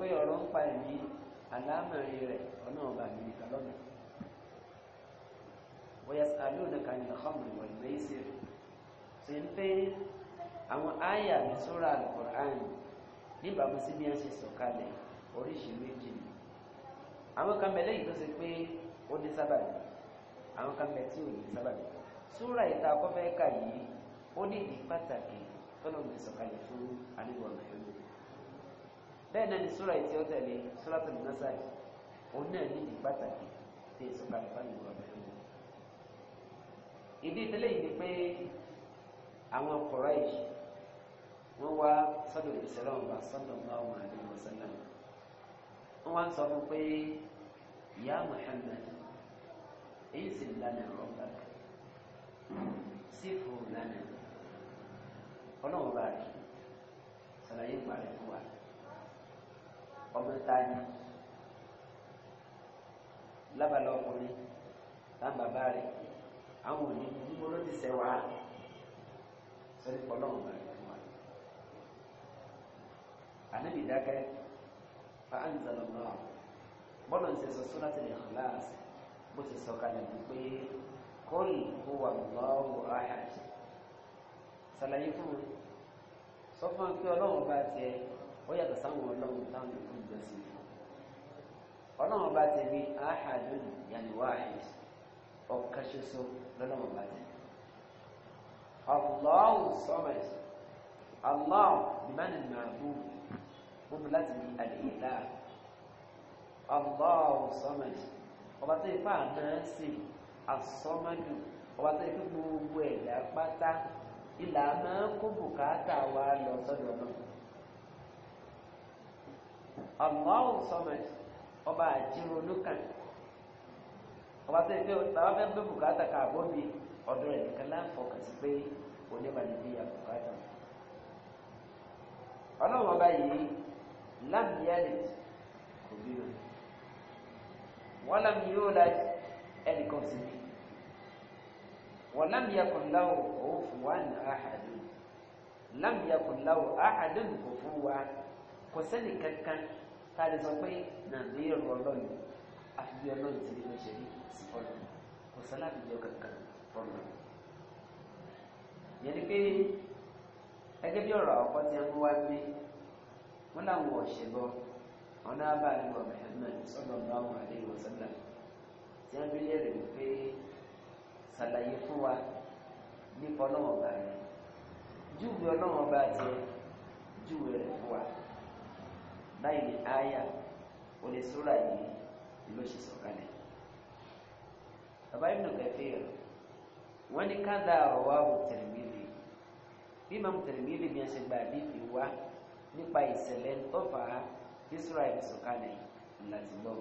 pé ọ̀rọ̀ ń pa ẹ̀mí aláàmọ̀rin rẹ̀ ọ̀nà ọba àmìríkà lọ́nà bóyá sàlù nìkan ní ọ̀hánmùrì wọ̀nyí lẹ́sẹ̀ rẹ̀ ṣe ń pé àwọn àyà ní sóra alukur'an níbàámu sí bí wọ́n ṣe sọ̀kalẹ̀ oríṣi méjì ni àwọn kan bẹ̀ lẹ́yìn tó ṣe pé ó ní sábàbí àwọn kan bẹ̀ tí ò ní sábàbí sóra ìta akọ́fẹ́ kà yìí ó ní ìdí pàtàkì tọ́lọ́mù ìsọ̀kalẹ̀ fún àdúgbò bẹ́ẹ̀ náà ni súra ìtì ó tẹ̀lé súra tó ní násà yìí òun náà ní ìdí pàtàkì tí èso kalẹ̀ fáwọn ìwà mẹ́rin wọn. ìdí ìtẹ́lẹ̀ yìí ni pé àwọn Quraysh wọ́n wá sọ́dọ̀ ìṣẹ̀lẹ̀ ọ̀bà sọ́dọ̀ ọ̀bà àdéhùn ọ̀sánná wọ́n wá ń sọ fún pé ìyá Muhammad èyí sì ń lánàá rọ́bà sífù lánàá ọlọ́run bá rẹ̀ sàlàyé ìgbà rẹ̀ fún wa. ọmọọ̀tàní lábàlá ọkùnrin táwọn bàbá àwọn òní níbo ndị ti sẹ̀ wá sọ́dí pọ̀ lọ́wọ́ bá fún wa. ànábì dákẹ́ fa ánìzàlọ́ náà bọ́lá ń sẹ́sọ bó ti sọ kalẹ̀ wípé qul huwa Allahu ahad ṣàlàyé fún mi sọ fún pé ọlọ́run bá tiẹ̀. ó yàtọ̀ sáwọn ọlọ́run táwọn ìlú ìjọsìn ọlọ́run ọba tèmi ahadun yani wahid ọ̀kan ṣoṣo lọ́lọ́run ọba tèmi Allahu samad Allah bimani ma'bud gbogbo láti ní àdéhìlá Allahu samad ọba tó ipá náà sì asọ́mọ́dù ọba tó ipá gbogbo ẹ̀dá pátá ìlà máa ń kó bùkátà wa lọ sọ́dọ̀ náà. Allahu Samad ọba àjẹun olùkàn ọba tó yẹ pé tàbá fẹ́ gbé bùkátà ká àbọ̀bí ọ̀dọ̀ rẹ̀ nìkan láǹfọ̀kàn sí pé onímọ̀lẹ́bí ya bùkátà. ọlọ́run ọba yìí lámìyálẹ̀t kò bí o wọ́n lámìyó la ẹnìkan sí mi wọ́n lámìyàkùn láwọ̀ òun fún wa ní àhàdùn lámìyàkùn láwọ̀ àhàdùn wa. kò sẹ́ni kankan tá a lè sọ pé nàbí ẹ̀rọ ọlọ́run àfibí ọlọ́run ti rí lọ́sẹ̀ rí sí fọ́lọ́ kò sẹ́ni àfibí ọkankan fọ́lọ́. yẹn ni pé gẹ́gẹ́ bí ọ̀rọ̀ ọ̀pọ̀ tí a mú wá gbé wọn làwọn ọ̀sẹ̀ bọ́ wọn náà bá àlẹ́ wọ̀ Muhammad sallallahu alaihi wasallam tí a ń bí lẹ́rìí wípé ṣàlàyé fún wa nípa ọlọ́wọ̀n bá rẹ̀ júwe ọlọ́wọ̀n bá tiẹ̀ júwe rẹ̀ fún wa báyìí ni àyà oní súrà yìí ló ṣe sọ̀kalẹ̀ bàbá Ibn Kathir wọ́n ní kádà ọ̀wá Tirmidhi bí Imam Tirmidhi ni a ṣe gbà bí ìwá nípa ìṣẹ̀lẹ̀ tó fà á bí súrà yìí sọ̀kalẹ̀ láti gbọ́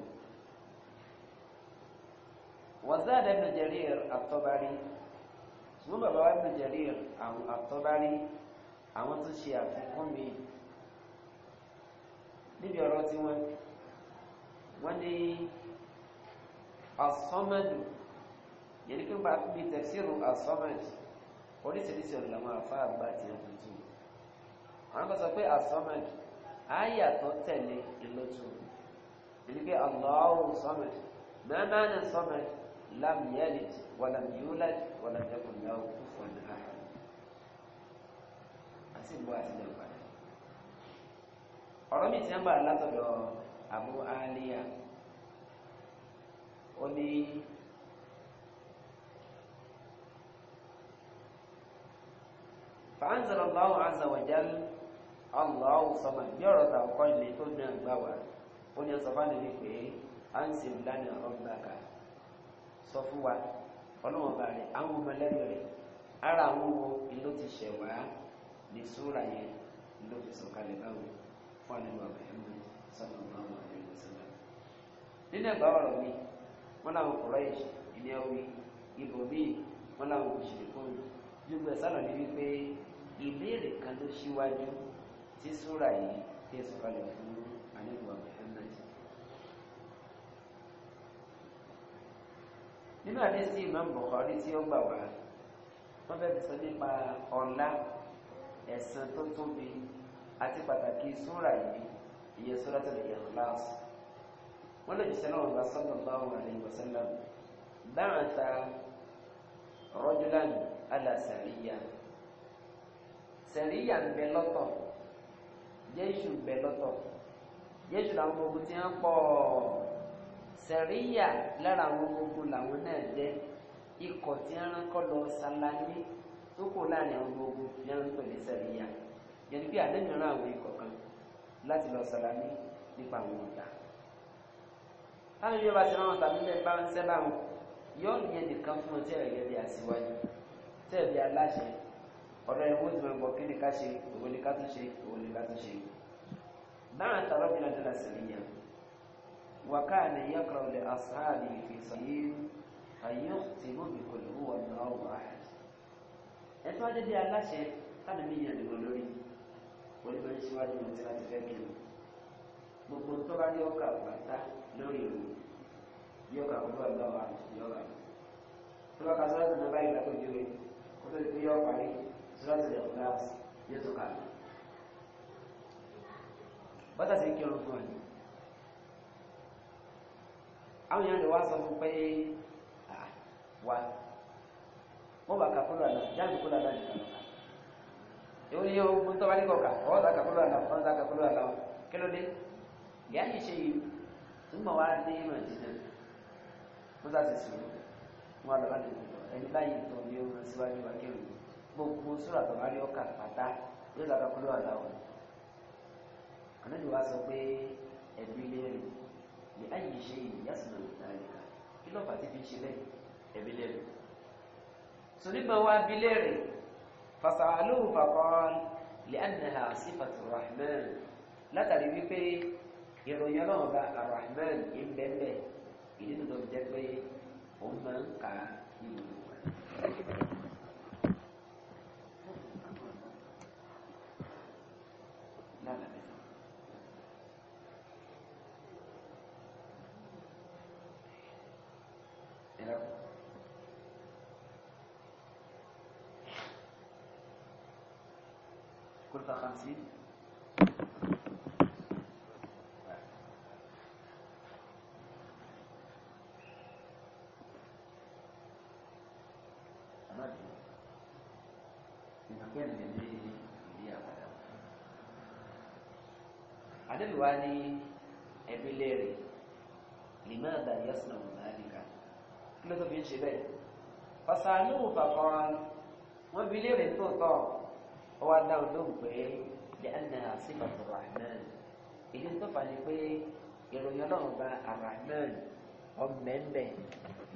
وزاد ابن جرير الطبري ṣùgbọ́n bàbá wa Ibn Jarir àwọn àtọ́bárí àwọn tó ṣe àfikún mi níbi ọ̀rọ̀ tí wọ́n wọ́n ní asọ́mọ̀dù yẹni kí n bá fi tẹ̀síìrù asọ́mọ̀dù oríṣiríṣi ọ̀nà làwọn àfáà gbà tí wọ́n fi tù àwọn kan sọ pé asọ́mọ̀dù ayà tó tẹ̀lé ìlótú yẹni pé Allahu sọ́mọ̀dù ma ma'na sọ́mọ̀dù lam yalid wa lam yulad wa lam àti ìbú àti ìjọba ọ̀rọ̀ mi ti ń bà látọ̀dọ̀ Abu Aliya ó ní fàánzàlá lọ́wọ́ azàwàjálù ọlọ́wọ́ sọmọ bí ọ̀rọ̀ ta ọkọ ilé tó ní àgbà ó ní ọsọ fáwọn ẹni pé à ń sìn lánàá ọgbàkà sọ fún wa ọlọ́wọ́n rẹ̀ àwọn ọmọlẹ́bí rẹ̀ ara àwọn wo ti ní súra yẹn fún àlejò àbẹ̀hẹ́mọ́ sallallahu alaihi wasallam nínú ẹgbà ọ̀rọ̀ mi wọ́n láwọn kọ̀rọ̀ ilé ọ̀wí ibò míì wọ́n láwọn òṣèré fún gbogbo ẹ̀sánà ní wípé ìbéèrè kan ló ṣíwájú tí súra yìí fi ẹ̀sùn kalẹ̀ fún àlejò àbẹ̀hẹ́mọ́ nínú àdéhùn Imam Bukhari tí ó gbà wá wọ́n fẹ́ sọ nípa ọ̀la ẹ̀sán tó tóbi àti pàtàkì súra yìí ìyẹn Suratul Ikhlas wọ́n lè jùsẹ́ náà wà sallallahu alaihi wasallam ba'atha rajulan ala sàríyà sàríyà ń bẹ lọ́tọ̀ jẹ́ṣù bẹ lọ́tọ̀ jẹ́ṣù làwọn ogun ti ń pọ̀ sàríyà lára àwọn ogun làwọn náà jẹ́ ikọ̀ tí ń ránkọ́ lọ sàlàyé tó kù láàrin àwọn ogun ní à ń sàríyà yẹn ni pé àdéhùn rán àwọn ìkọ̀kan láti lọ sàlámì nípa àwọn ọ̀tá táwọn yóò bá ti ráwọn tàbí bẹ́ẹ̀ bá ń sẹ́ báwọn yóò ní ẹnì fún ọ tí bí aṣíwájú tí ẹ̀rọ aláṣẹ ọ̀rọ̀ ẹ̀ wọ́n ti máa gbọ́ kí ni ká ṣe òwò ni ká tún ṣe òwò ni ká tún ṣe. báwọn tàbí ọ̀gbìn náà dára sí nìyẹn wàká ni yẹ́kọ̀ọ́ ní ọ̀rọ̀ àhẹ́ ẹ̀ tó wá onítorí síwájú mi tí láti fẹ́ kí o gbogbo tó bá ní ọkà bàtà lórí ìlú yóò kà kó lọ́wọ́ lọ́wọ́ yọ̀ọ̀kà tó bá ka sọ́ọ́tù náà báyìí lápẹ́jú rẹ̀ kó tó di pé yọ̀ parí sọ́ọ́tù rẹ̀ kó láàsì yóò tó kà lọ. bọ́tà sí kí ọ̀run fún ẹ̀ àwọn èèyàn lè wá sọ fún pé wà wọ́n bá ka kó lọ́wọ́ náà jáde kó lọ́wọ́ náà ìwọ ni yóò gbóntọ́ wá ní kọ̀ọ̀kà ọ̀ọ́ zaka kúlọ̀ àlọ́ ọ̀ọ́ zaka kúlọ̀ àlọ́ kí ló dé ìyá yìí ṣe yìí túmọ̀ wá dé màdínà wọ́n sá ti sùn wọn lọ́wọ́ ní ẹni báyìí tó ní ohun síwájú wa kéwì gbogbo sóra tó bá rí ọkà pátá yóò zaka kúlọ̀ àlọ́ wọn. ànájú wa sọ pé ẹbí lẹ́rù ni ayé ṣe yìí ṣe lẹ́yìn ẹbí lẹ́rù. sọ nígbà wa bí فسألوه فقال لأنها صفة الرحمن لا تريد في ìròyìn ọlọ́run bá arahman ń bẹ́ẹ̀ ìdí tó jẹ́ pé òun máa ń ka nínú wa. خمسين الوالي ابيليري لماذا يصنع ذلك كل ده بيجي بالي فسالوه فقال وبيليري توتو ọwọ́ adáwọ̀ lóhùn pé lẹ́ẹ̀nà sífàtò rahman ìdí tó fà ní pé ìròyìn ọlọ́run bá arahman ọ̀mẹ́ńbẹ̀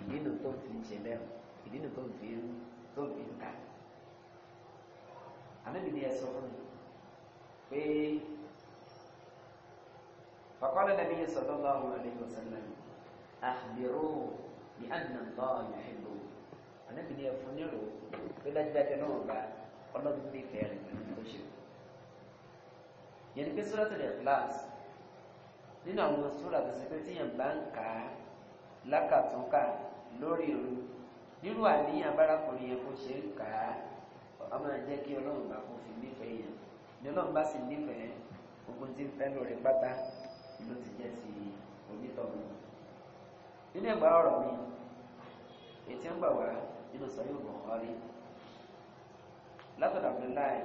ìdí nù tó fi ń ṣe bẹ́ẹ̀ ìdí nù tó fi ń tó fi ń kà. àmẹ́bìdí ẹ fún mi pé fàkọ́lẹ́ nàbí yẹn sọ̀tọ́ bá wọn àlejò ọ̀sánlá àbírò ní àná bá wọn yẹn lò àmẹ́bìdí ẹ nílò pé dájúdájú náà bá a ọlọ́run itu tidak ada. bó ṣe yẹn ni surat sọ́dọ̀tò rẹ̀ class nínú àwọn sọ́dọ̀ tó ṣe pé tíyàn bá ń kà á lákàtúnkà lórí ìlú nírú àníyàn bárakùnrin yẹn kó ṣe ń kà á ọba máa jẹ́ kí ọlọ́run bá kó fi nífẹ̀ẹ́ yẹn ni ọlọ́run bá sì nífẹ̀ẹ́ ogun tí ń fẹ́ lórí pátá ló ti jẹ́ sí onítọ̀hún nínú ẹgbàá ọ̀rọ̀ mi ètí ń gbà látọ̀dọ̀ abdullahi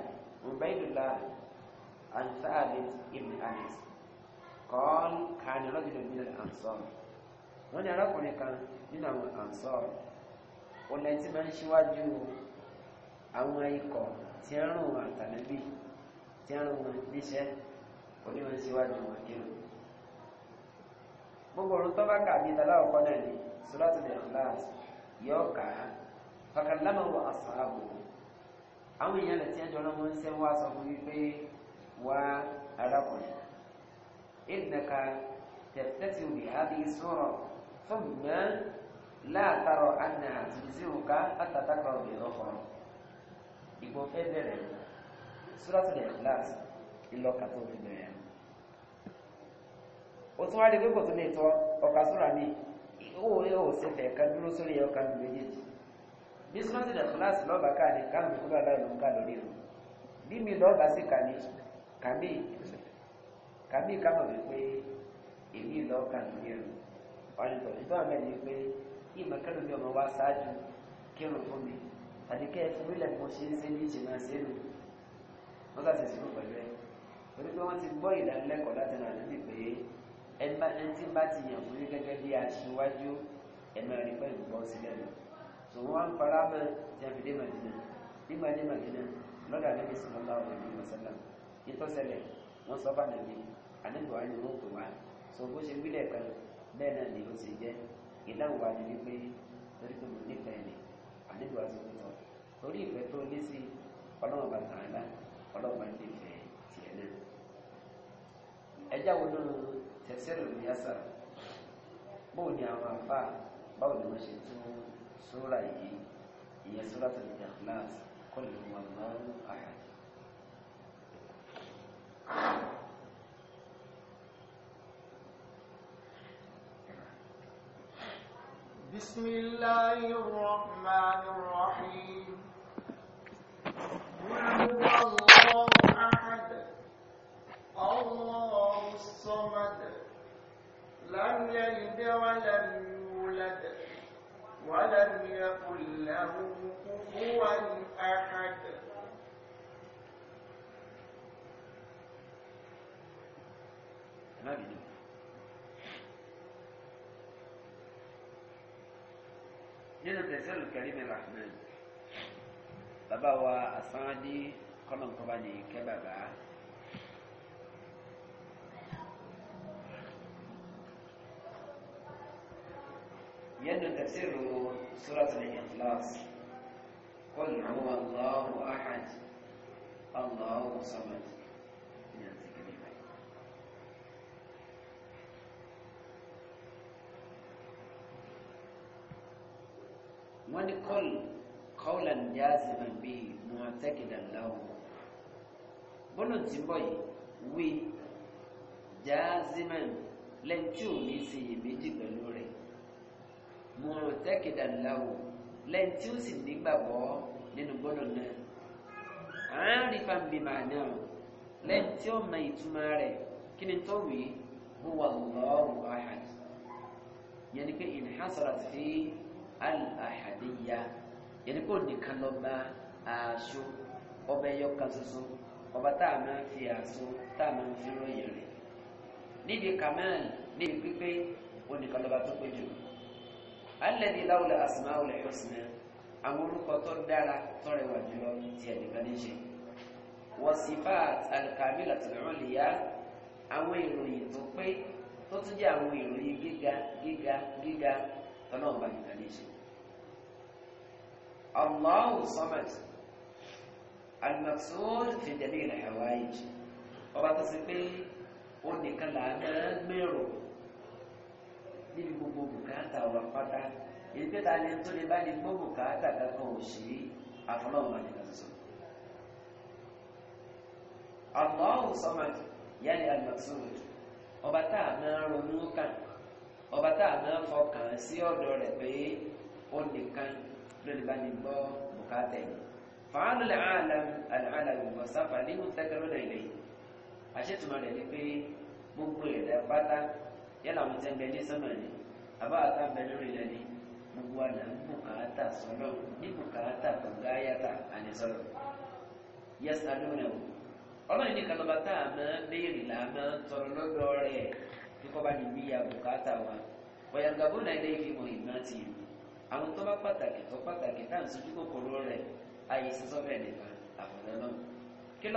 ubaidullah ansaadit ibn anis kọ́ọ́n kan rọ́jìlẹ̀ nílẹ̀ ansọ́ọ̀ wọ́n ní arákùnrin kan nínú àwọn ansọ́ọ̀ ọ̀nà tí máa ń ṣíwájú àwọn ikọ̀ tí ń rùn àtàlẹ́bí tí ń rùn níṣẹ́ òní máa ń ṣíwájú wọn nínú gbogbo ọ̀run tó bá kà ní ìdáláwọ̀ kọ́nà ní sọ́lá tó lè rán láàtì àwọn èèyàn rẹ̀ tí ẹjọ́ náà wọ́n ń sẹ́ wá sọ fún wípé wá arákùnrin ìdàkà tẹ̀tẹ̀tì òbí àbí sọ̀rọ̀ fún mọ́ látàrọ̀ àná àtúnṣe òkà àtàtàkà òbí lọ́kọ̀ọ́ ìgbò fẹ́ bẹ̀rẹ̀ suratul ikhlas ìlọ́kà tó fi bẹ̀rẹ̀ o tún wá rí pé kò tún lè tọ́ ọ̀kà sùrà ní ìhòòhò ṣẹ̀fẹ̀ kan dúró sórí ọ̀kan méjèèjì bí sọ́ọ́tì dẹ̀ kíláàsì lọ́ọ̀bà ká ní káàmì kúrò aláì ló ń ká lórí rẹ̀ bí mi lọ́ọ̀bà sí kàmí kàmí kàmí kámọ̀ wípé èmi lọ́ọ̀kà lórí rẹ̀ ọ̀rìntọ̀ ìtọ́ àmì ẹni pé ìmọ̀ kẹ́lò bí ọmọ wa ṣáájú kírun fún mi àti kẹ́ ẹ fún ilẹ̀ mo ṣe ń ṣe ní ìṣẹ̀mọ̀ sẹ́nu wọ́n kà sì sùn pẹ̀lú ẹ̀ torí pé wọ́n ti gbọ́ ìdánilẹ́kọ̀ọ́ láti rà lórí pé ẹni tí bá ti yàn fún mi gẹ́gẹ́ bí aṣíwájú ẹ̀mọ́ ẹ̀rí pẹ̀lú gbọ́ sílẹ̀ náà so wọ́n ń fara mọ́ jẹ́fìdé màdínà nígbà ní màdínà lọ́dà lẹ́bí sọ̀rọ̀lá ọ̀rẹ́bí wàsálà kí tó ṣẹlẹ̀ wọ́n sọ bá nàbí àdébùwá ni wọ́n tó wá so bó ṣe wílẹ̀ kan bẹ́ẹ̀ náà ni ó ti jẹ́ ìdáhùn wa ni wípé torí pé mo nífẹ̀ẹ́ ni àdébùwá ti kú tọ̀ torí ìfẹ́ tó ní sí ọlọ́run bàtà ńlá ọlọ́run bá ń nífẹ̀ẹ́ tiẹ̀ náà ẹjá wo nínú tẹ̀síẹ̀rù ní àṣà bóun ni àwọn àfà báwo ni wọ́n ṣe tún سورة إيه؟ هي سورة الإخلاص قل هو الله أحد بسم الله الرحمن الرحيم قل هو الله احد الله الصمد لم يلد ولم يولد ولم يكن له كفوا أحد nínú tẹ̀sílù kẹrìmì rahman bàbá wa asáájú kọ́lọ̀ǹkọ́bá ní kẹ́ bàbá لأن تفسيره سورة الإخلاص قل هو الله أحد الله صمد من قل قولا جازما به معتقدا له بلون تيمبوي وي جازما لن تشوف ميسي بيجي بلوري murtakidan lahu lẹ́yìn tí ó sì nígbàgbọ́ nínú gbọ́dọ̀ náà àárifan bí màá náà lẹ́yìn tí ó mọ ìtumọ̀ rẹ̀ kí ni tó wí huwa Allahu ahad yẹn ni pé inhasarat fi al-ahadiyya yẹn pé ònìkan lọ bá aṣọ ọba ẹyọ kan ọba tá a máa fi aṣọ tá a máa fi ròyìn rẹ̀ níbi níbi pípé lọ bá tó pé alẹ́dí láwùlẹ̀ àsìmá òlẹ̀ ìrọ̀sìnà àwọn orúkọ tó dára tó rẹwà jùlọ ti ẹ̀nìkan ní ṣe wọ́n sì bá alkamila tó rán lè yá àwọn ìròyìn tó pé tó tún jẹ́ àwọn ìròyìn gíga gíga gíga tọ́nà ọba nìkan ní ṣe. Allahu samad al-maqsood fi jami'il ọba tó ṣe pé ó nìkan làá máa níbi gbogbo bùkátà wa pátá èyí pé ta ni tó lè bá ní gbọ́ bùkátà kankan ò sí àfọlọ́wọ́n bá nìkan sọ. Allahu Samad yálì al-Maqsud ọba tá a máa ronú kàn ọba tá a máa fọkàn sí ọ̀dọ̀ rẹ̀ pé ó nìkan ló lè bá ní gbọ́ bùkátà yìí. fàánù làálàm àlàálàm ìgbọ̀nsáfà nínú tẹ́kẹ́rọ́dà ilẹ̀ yìí àṣetùmọ̀ rẹ̀ ni pé gbogbo ẹ̀dá pátá. yálà omi tẹ́ ń bẹ ní sánmà ni àbá àtà ń bẹ lórí ilẹ̀ ni gbogbo àná ń bùkátà sọ́lọ́ a béèrè tọrọ lọ́dọ̀ rẹ̀ kí bá ya bùkátà wa wọ̀yà gàbó náà ilé ìfimọ̀ ìgbà ti yìí àwọn tó bá pàtàkì tó pàtàkì tá pataki kòkòrò rẹ̀ ayé sísọ́ bẹ́ẹ̀ nìkan àfọ̀dọ́ náà kí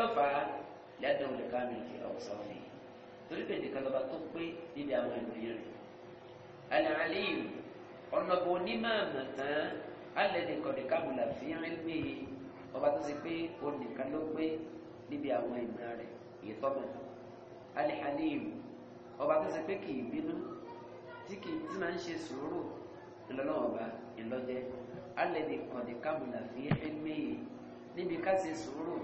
fà á torí pé nìkan lọ́ba tó pé níbi àwọn ìbéèrè alàlíyù ọ̀nàbọ̀ onímọ̀ọ̀mọ̀ tán alẹ́dẹ̀ kọ̀dẹ̀kàbùlà fi rìnbí ọba tó ti pé onìkan ló pé níbi àwọn ìmọ̀ rẹ̀ ìtọ́mọ̀ alàlíyù ọba tó ti pé kì í bínú tí kì í tí máa ń ṣe sùúrù ńlọ́lọ́ọ̀ba ńlọ́jẹ́ alẹ́dẹ̀ kọ̀dẹ̀kàbùlà fi rìnbí níbi ká ṣe sùúrù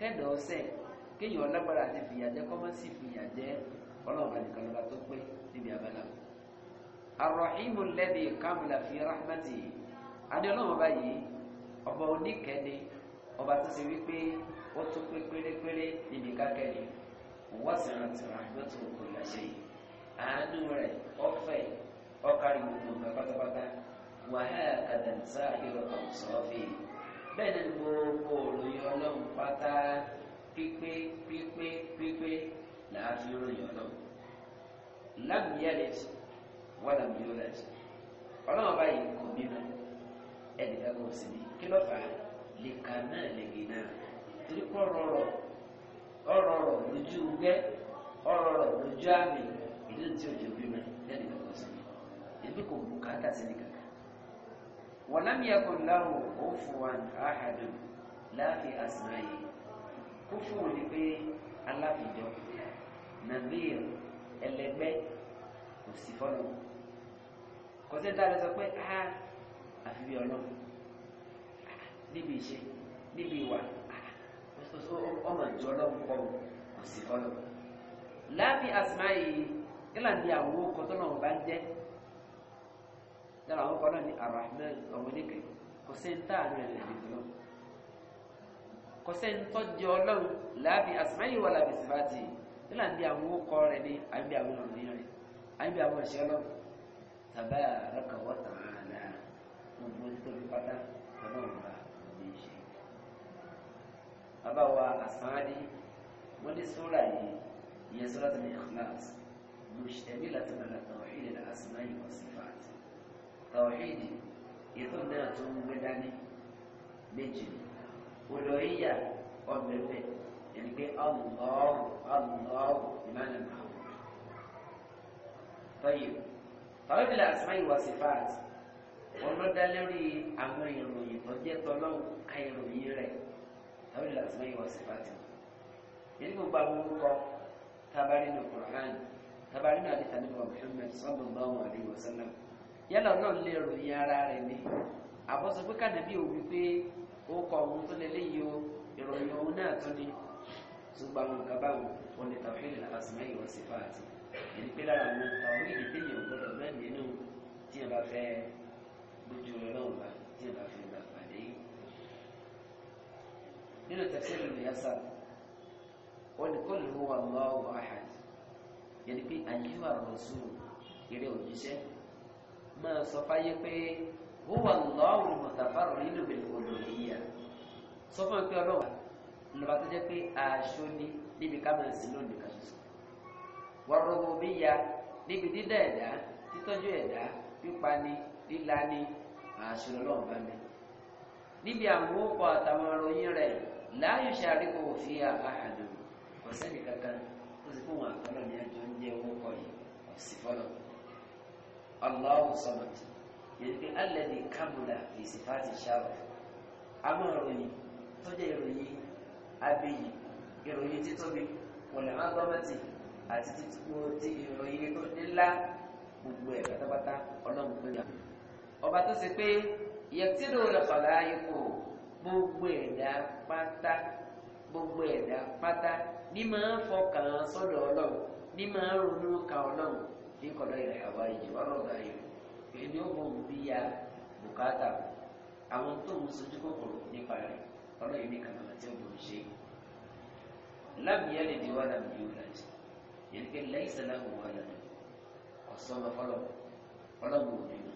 kẹ́dọ̀ọ́sẹ̀ kéèyàn lágbára àti fìyàjẹ kọ́mọ́sì fìyàjẹ ọlọ́ọ̀bà nìkan lọ́ba tó pé níbi abala. arọ̀hìmù lẹ́bi kàmùlà fi rahmati adé ọlọ́run ọba yìí ọba oníkẹ́ni ọba tó ṣe wípé ó tún pé pérépéré níbi kákẹ́ni wọ́sàn-án ti rahmatu kò láṣẹ yìí àánú rẹ̀ ọ̀fẹ́ ọ̀kárí gbogbo nǹkan pátápátá wàhálà kàdánsá ìrọ̀lọ́ sọ́ọ́fì bẹ́ẹ̀ ni gbogbo òròyìn ọlọ́run pátá pípé pípé pípé làá fi ròyìn ọlọ́run lámìyálẹ̀ wà lámìyálẹ̀ ọlọ́run báyìí kò bímọ ẹnìkan kò sí ní kí ló fà á lè ka náà lè gbé náà torí kọ́ ọrụ ọ̀rọ̀ lójú gbẹ́ ọ̀rọ̀ lójú àmì ìlú tí ebi kò kankan. òfò wa láàfin kúfùrù ni pé alábìjọ nàbíyà ẹlẹgbẹ́ kò sí fọ́nà kò sí sọ pé a àfi bí níbi ìṣe níbi ìwà ọmọ ìjọ ọlọ́run pọ̀ kò sí fọ́nà láàbí àsìmáyé kílà ní àwọn okọ̀ tó náà bá kọsẹ́ńtọ́ jẹ ọlọ́run láàbì àsìmáyé wà láàbì sífàtì nílà ń bí àwọn okọ rẹ ní àbí àwọn ọ̀rìn rẹ àbí àwọn ẹ̀ṣẹ́ lọ tàbá àrọ́kà wọ́tà àlà gbogbo nítorí pátá ọlọ́run bá òbí ṣe. bàbá wa àsáńdí wọ́n ní sóra yìí ìyẹn sóra tó ní ikhlas mùsùlùmí láti máa tawhid àsìmáyé wà sífàtì tawhid ètò náà tó ń gbé dání méjì ni olóríyà ọ̀bẹ̀fẹ̀ yẹni pé ọ̀nùlọ́ọ̀rù ọ̀nùlọ́ọ̀rù ìmáàlì màáwù. tọ́yì tọ́yìbìlà àtìmáyì wà sí fáàtì wọn ló dá lórí àwọn ìròyìn tó jẹ́ tọ́lọ́wù àìròyìn rẹ̀ tọ́yìbìlà àtìmáyì wà sí fáàtì. yẹni gbogbo àwọn orúkọ tábàrí nù kùrán tábàrí nù àdìtà nù Muhammad sallallahu alaihi wasallam yálà náà lè ròyìn ara rẹ̀ ní àbọ̀sọ̀ pé kàdébí òwú pé ó kọ ohun tó lélẹ́ yìí o ìròyìn ohun náà tún ni ṣùgbọ́n àwọn báwo sí ẹni pé lára àwọn gbọdọ̀ nínú tí bá fẹ́ gbójú bá tí bá fẹ́ gbà pàdé pé òjíṣẹ́ máa sọ fáyé pé huwa Allahu mutafarrid bil uluhiyyah sọ fún ẹgbẹ́ ọlọ́wà ni ya níbi dídá ẹ̀dá títọ́jú ẹ̀dá ni líla ni aṣọ lọ́wọ́ bá mi níbi àwọn òkò àtàwọn ọ̀rọ̀yìn rẹ̀ láàyò ṣàríkò òfin àbáhàdù kò sẹ́ni kankan ó sì fún àtọ́lọ́ ní ẹjọ́ ń jẹ́ owó kọ́ yìí fọ́lọ́ yẹn pé alẹ́dì kábùlà lè sì fà ti ṣáwà àwọn ìròyìn tó jẹ́ ìròyìn abẹ́yì ìròyìn títóbi wọ̀lẹ̀ máa gbọ́mọ̀tì àti ìròyìn tó nílá gbogbo ẹ̀ pátápátá ọlọ́run pé yà. ọba tó ṣe pé yẹtídò lọ́kọ̀lá ipò gbogbo ẹ̀dá pátá gbogbo ẹ̀dá pátá ní máa ń fọkàn sọ́dọ̀ ọlọ́run ní máa ronú ka ọlọ́run ní kọ̀dọ̀ ìrẹ̀ àwa ìjìbá lọ́gàá èmi ó bọ̀ ń bíyà bùkátà àwọn tó ń sojú kòkòrò nípa rẹ̀ ọlọ́yìn nìkan náà tí ó bọ̀ ń ṣe. lábìyá lè di wàhálà mi yóò láì sọ yẹn pé lẹ́yìn sẹ́lá kò wà lọ́dọ̀ ọ̀sán lọ fọlọ́ ọlọ́gbọ̀n òbí mi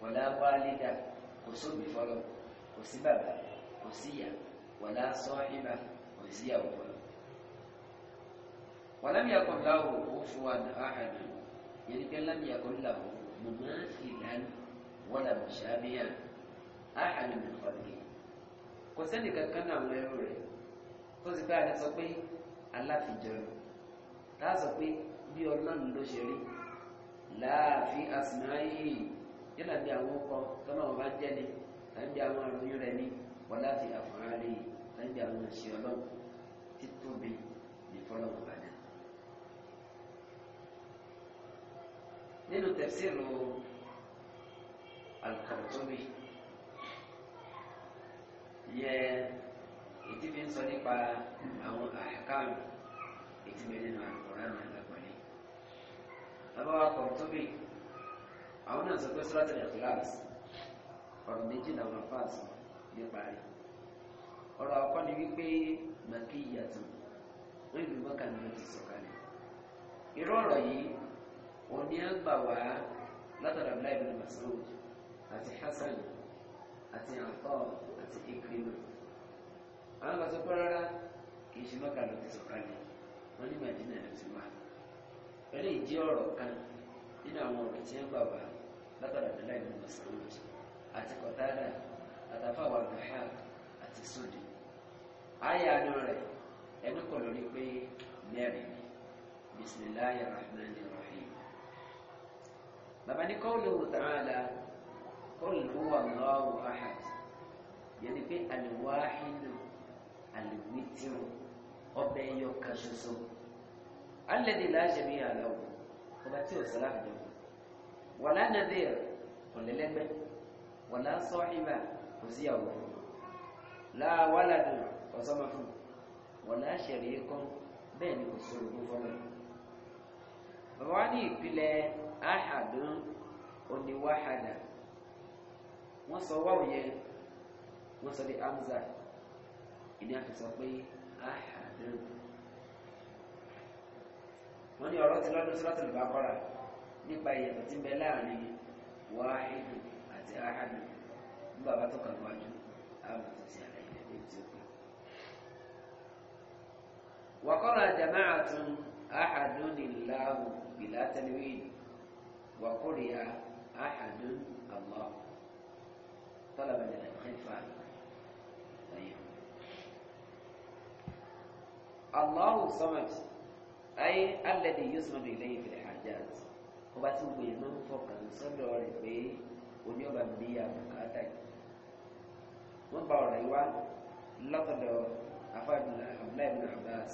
wọ̀lá wá lídà kò sóbì fọlọ́ kò sí bàbá kò sí ìyá wọ̀lá sọ ìbá kò sí ìyàwó fọlọ́. wọ̀lá mi àkọ́ńdà wò ó fún wa ní àhàdùn yẹn pé lábìyà kò ń là wọ́n. مماثلا ولا مشابها أحد من خلقه kò sẹ́ni kankan náà lọ ẹrú rẹ̀ tó ti bá ẹni sọ pé aláfijọ́rọ̀ tá a sọ pé bí ọlọ́run ló ṣe rí láàfin àsìnáyé yálà bí àwọn ọkọ tọ́lọ́run bá jẹ́ ni tàbí àwọn àròyìn rẹ̀ ni wọ́n láti àfọ̀rán rẹ̀ àwọn ìṣẹ́ ọlọ́run títóbi ní fọlọ́run bá nínú tẹ̀síìnù alukọ̀tùnbí yẹ ìdí fi ń sọ nípa àwọn àkàmù ìtìmẹ̀ nínú alukọ̀ránù alágbọ̀nrín bàbá wa kọ̀tùnbí àwọn náà sọ pé sọ́láṣẹ́ ní kíláàsì ọ̀rọ̀ méjì làwọn afáàsì nípa rẹ̀ ọ̀rọ̀ akọ́ ni wípé màkì yàtọ̀ wọ́n ìlú mọ́kànlélọ́tì sọ̀kalẹ̀ irú ọ̀rọ̀ yìí wọn ní àgbà wá látara abdullahi bin masoud àti hasan àti àǹkọ àti ikrima àwọn kan sọ pé rárá kì í ṣe mọ́kà ló ti sọ̀kalẹ̀ wọn ní màdínà ló ti wá pẹ̀lú ìdí ọ̀rọ̀ kan nínú àwọn ọ̀rọ̀ tí ń gbà wá látara abdullahi bin masoud àti kọtada àtàfà wà lọ́hà àti sódì ayé àánú rẹ̀ ẹnu kọ̀ lórí pé mẹ́rin bisimilahi rahman rahim bàbá ní qawluhu ta'ala qul huwa Allahu ahad yẹn ni pé al-wahidu al-witru ọbẹ̀ ẹyọ kan ṣoṣo alladhi la shabiha lahu ọba tí ò sọ́lá àjọ wala nadhir kò lẹ́lẹ́gbẹ́ wala sahiba kò síyàwó la walad kò kò sọ̀rọ̀ fún fọ́lọ́ bàbá wa ní ìpìlẹ̀ ahadun oníwàhádà wọ́n sọ wáwù yẹn wọ́n sọ di amza ìní àti pé ahadun wọ́n ní ọ̀rọ̀ ti lọ́dún sọ́tò lùbá nípa ìyàtọ̀ tí ń bẹ láàrin wàhídù àti ahadù ní bàbá tó kàn wájú àwọn tó ti tí ó pè. tún. أحد الله بلا تنوين وقرئ أحد الله طلبا للخفة طيب الله الصمد أي الذي يصمد إليه في الحاجات ọba tí gbogbo yẹn máa ń fọkàn sọ́dọ̀ rẹ̀ pé oní ọba bí àbùkátà yìí wọ́n gba ọ̀rọ̀ yìí wá látọ̀dọ̀ afáàdùn abdullahi bin abbas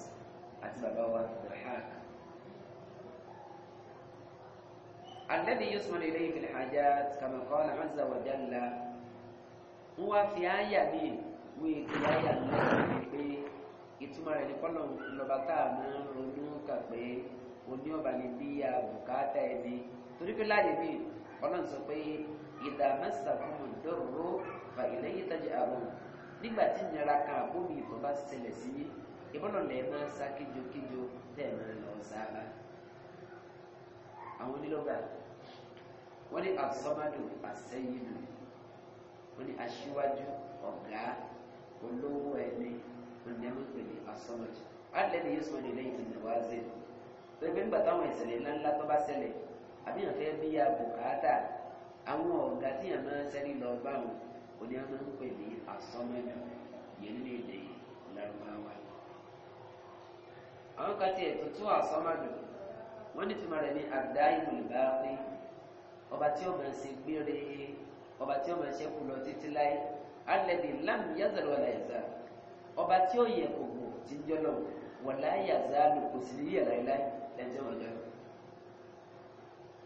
àti bàbá wa Dhahhak. alladhi yusmanu ilayhi fil hajat kama qala azza wa jalla ń wá fi àyà mi wí ètò àyà náà pé ìtumọ̀ rẹ̀ ní kọ́lọ̀ lọ́ba tá a máa ń ronú kà pé oní ọba ní bí a bùkátà ẹni torí pé láàyè mi ọlọ́run sọ pé idha massakumu durru fa ilayhi taj'arun nígbà tí ìnira kan àbómi ìtọ́ ṣẹlẹ̀ sí yín ìbọ̀lọ̀ lẹ̀ máa ń sá kíjokíjo tẹ́ ẹ̀ máa ń lọ sáábà àwọn onílọ́gbà wọ́n ní àsọ́bádùn àsẹ́yìn nù wọ́n ní aṣíwájú ọ̀gá olówó ẹni oníyàmọ̀pẹ̀ ní asọ́bádùn alẹ́ ni yóò sọ ní lẹ́yìn ìnáwó azẹ́ pẹ̀lú nígbà táwọn ìṣẹ̀lẹ̀ ńláńlá tó bá ṣẹlẹ̀ àbí yàn fẹ́ bí ya bùkátà àwọn ọ̀gá tí yàn máa ń sẹ́rí lọ báwọn oníyàmọ̀pẹ̀ ní asọ́bádùn yẹn ní èdè lárúbáwá àwọn kan tiẹ̀ tuntun àsọmọdù wọ́n ní tìmọ̀ rẹ̀ ní àdáyìnbó ìbá pé ọba tí ó máa ṣe gbére ọba tí ó máa ṣe kú lọ títí láyé alẹ́dì lam yazal wala yazal ọba tí ó yẹ kòkò tí ń jọlọ wala yazalu kò sí níyà láéláé lẹ́jọ́ ọjọ́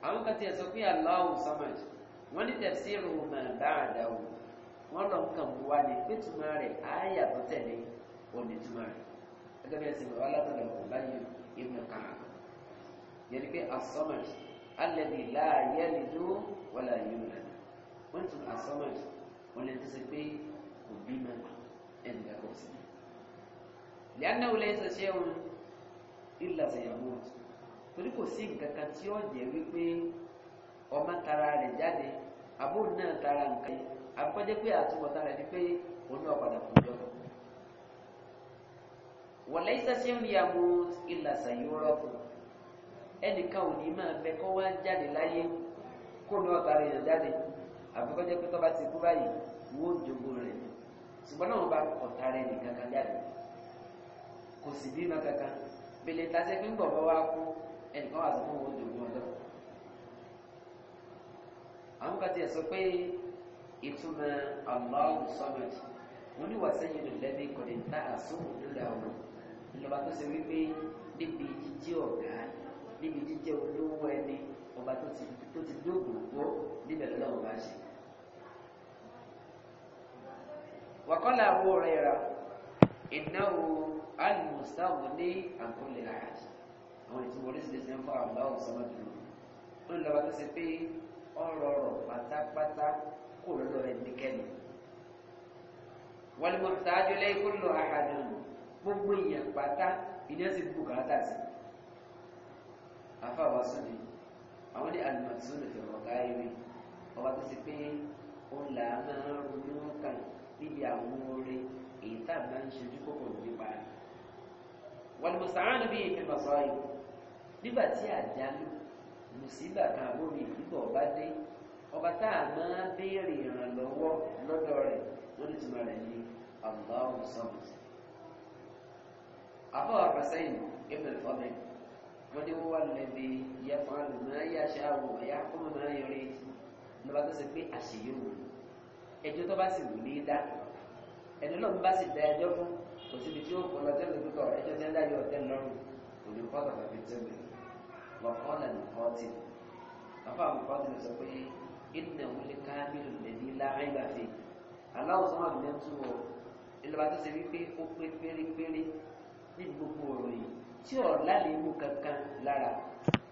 àwọn kan tiẹ̀ sọ pé Allahu samad wọ́n ní tafsiru ma ba'dahu wọ́n lọ nǹkan bu ní pé tùmọ̀ rẹ̀ àáyà tó tẹ̀lé òní tùmọ̀ rẹ̀ gẹ́gẹ́ ẹ̀sìn bàbá látọ̀dọ̀ ọ̀báyé ibn Ka'ab yẹni pé asọ́mọ̀t alẹ́bí láàyè lìdó wọlé yóòlá wọ́n tún asọ́mọ̀t wọ́n lè tẹ́sí pé kò bí mọ́ ẹnì kàkọ́ sí i. lẹ́yìn àwọn ẹ̀sẹ̀ ṣe wọn ìlà ṣèyàwó torí kò sí nǹkan kan tí ó jẹ́ wípé ọmọ tara wọ̀lẹ́sẹ̀ sí ìyàwó ìlàsà yúrọ́pù ẹnìkan ò ní máa bẹ kó wá jáde láyé kó ní ọgbà rẹ̀ jáde àbúkọ́jẹ́ pé tọ́ba ti kú báyìí wọ́n jogo rẹ̀ ṣùgbọ́n náà bá ọ̀tá rẹ̀ nìkan kan jáde kò sì bímọ kankan bèlè tàṣẹ pé ń bọ̀ bọ́ wá kú ẹnìkan wà sọ fún wọn jogo ọ̀dọ́ àwọn kan tiẹ̀ sọ pé ìtumọ̀ Allahu samad wọn ni wàá sẹ́yìn lò lẹ́bí ìjọba tó ṣe wípé níbi jíjẹ́ ọ̀gá níbi jíjẹ́ olówó ẹni ọba tó ti dóògùn gbọ́ níbẹ̀ lọ́wọ́ bá ṣe. wàkọ́lá àbú rẹ̀ ra ìnáwó alùmùsáwò ní àkọlẹ̀ àjì àwọn ìtumọ̀ oríṣiríṣi ń fọ àbá òsínmọ́ dúró ó lọ́ba tó ṣe pé ọ̀rọ̀ ọ̀rọ̀ pátápátá kò lọ́dọ̀ ẹnikẹ́ni wọ́n lè mọ̀ táájú lẹ́yìn kó lọ àhàdùn gbogbo èèyàn pátá ìdẹ́sì bùkátà sí afáwa súnmi àwọn ní ọba tó ti pé òun là á máa ń ronú kàn níbi àwọn oore èyí tá a máa ń ṣojú nípa sọ yìí nígbà tí àjálù mùsíbà kan àbórí ìdíbò ọba dé ọba tá a máa béèrè ìrànlọ́wọ́ lọ́dọ̀ rẹ̀ wọ́n أبا حسين ابن الفضل wọ́n wọ́n lẹ́bi yẹfọ́ àlùmáà yá ṣáàwó ẹ̀yà kọ́mọ máa ń yọrí lọ́ba tó ṣe pé àṣeyọ wò ẹjọ́ tó bá sì wù ní dá ẹni lọ́mú bá sì da ẹjọ́ fún kò tí ó kọ́ lọ́jọ́ lójú kọ́ ẹjọ́ tí ń dájọ́ kò ní kọ́ tàbí fi tó mi wọ́n kọ́ bàbá àwọn kọ́ọ̀tì sọ pé ìdùnnà wọn lè ká mílò lẹ́ni láàrin ìgbà fi aláwọ̀ sọ́mọ́ àbí níbi gbogbo òròyìn tí ọ̀ lálẹ́ inú kankan lára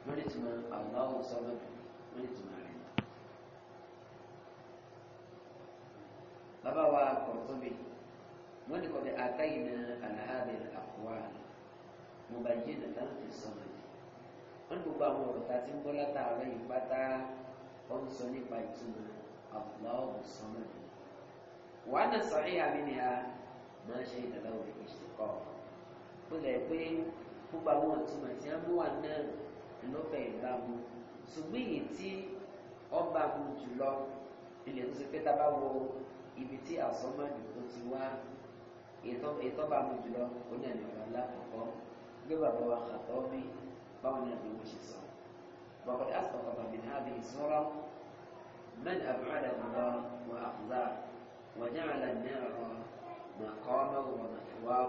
lórí ìtumọ̀ Allahu Samad lórí ìtumọ̀ rẹ̀. bàbá wa Qurtubi wọ́n ní kọ́ni àtàyìnà àlàáfẹ́ àkùwà mọ̀bàjẹ́ nàtà ń fi sọ̀rọ̀ wọ́n ní gbogbo àwọn ọ̀rọ̀ tá a ti ń gbọ́ látàárọ̀ yìí pátá ó ń sọ nípa ìtumọ̀ Allahu Samad. wàhánà sọ̀rọ̀ yà mí ni máa ṣe ìdàlọ́wọ̀ ìṣèkọ́ ọ̀hún pínlẹ̀ pé gbogbo àwọn ìtumọ̀ tí wọ́n mú wà náà lọ́fẹ̀ẹ́ ìbámu ṣùgbọ́n èyí tí ọba mu jùlọ ilẹ̀ tó ṣe pé tá a bá wo ibi tí àsọmọ́dù tó ti wá ìtọ́ba mu jùlọ ó ní ẹ̀nà ọ̀rọ̀ lákòókò gbé bàbá wa kàtọ́ bí báwọn náà bí wọ́n ṣe sọ. bàbá yà sọ bàbá mi náà bí sọ́rọ́ mẹ́ni àbúrádà bàbá wà àkùzà wà àlàyé náà rọ̀ mà kọ́ ọ́ mẹ́wọ̀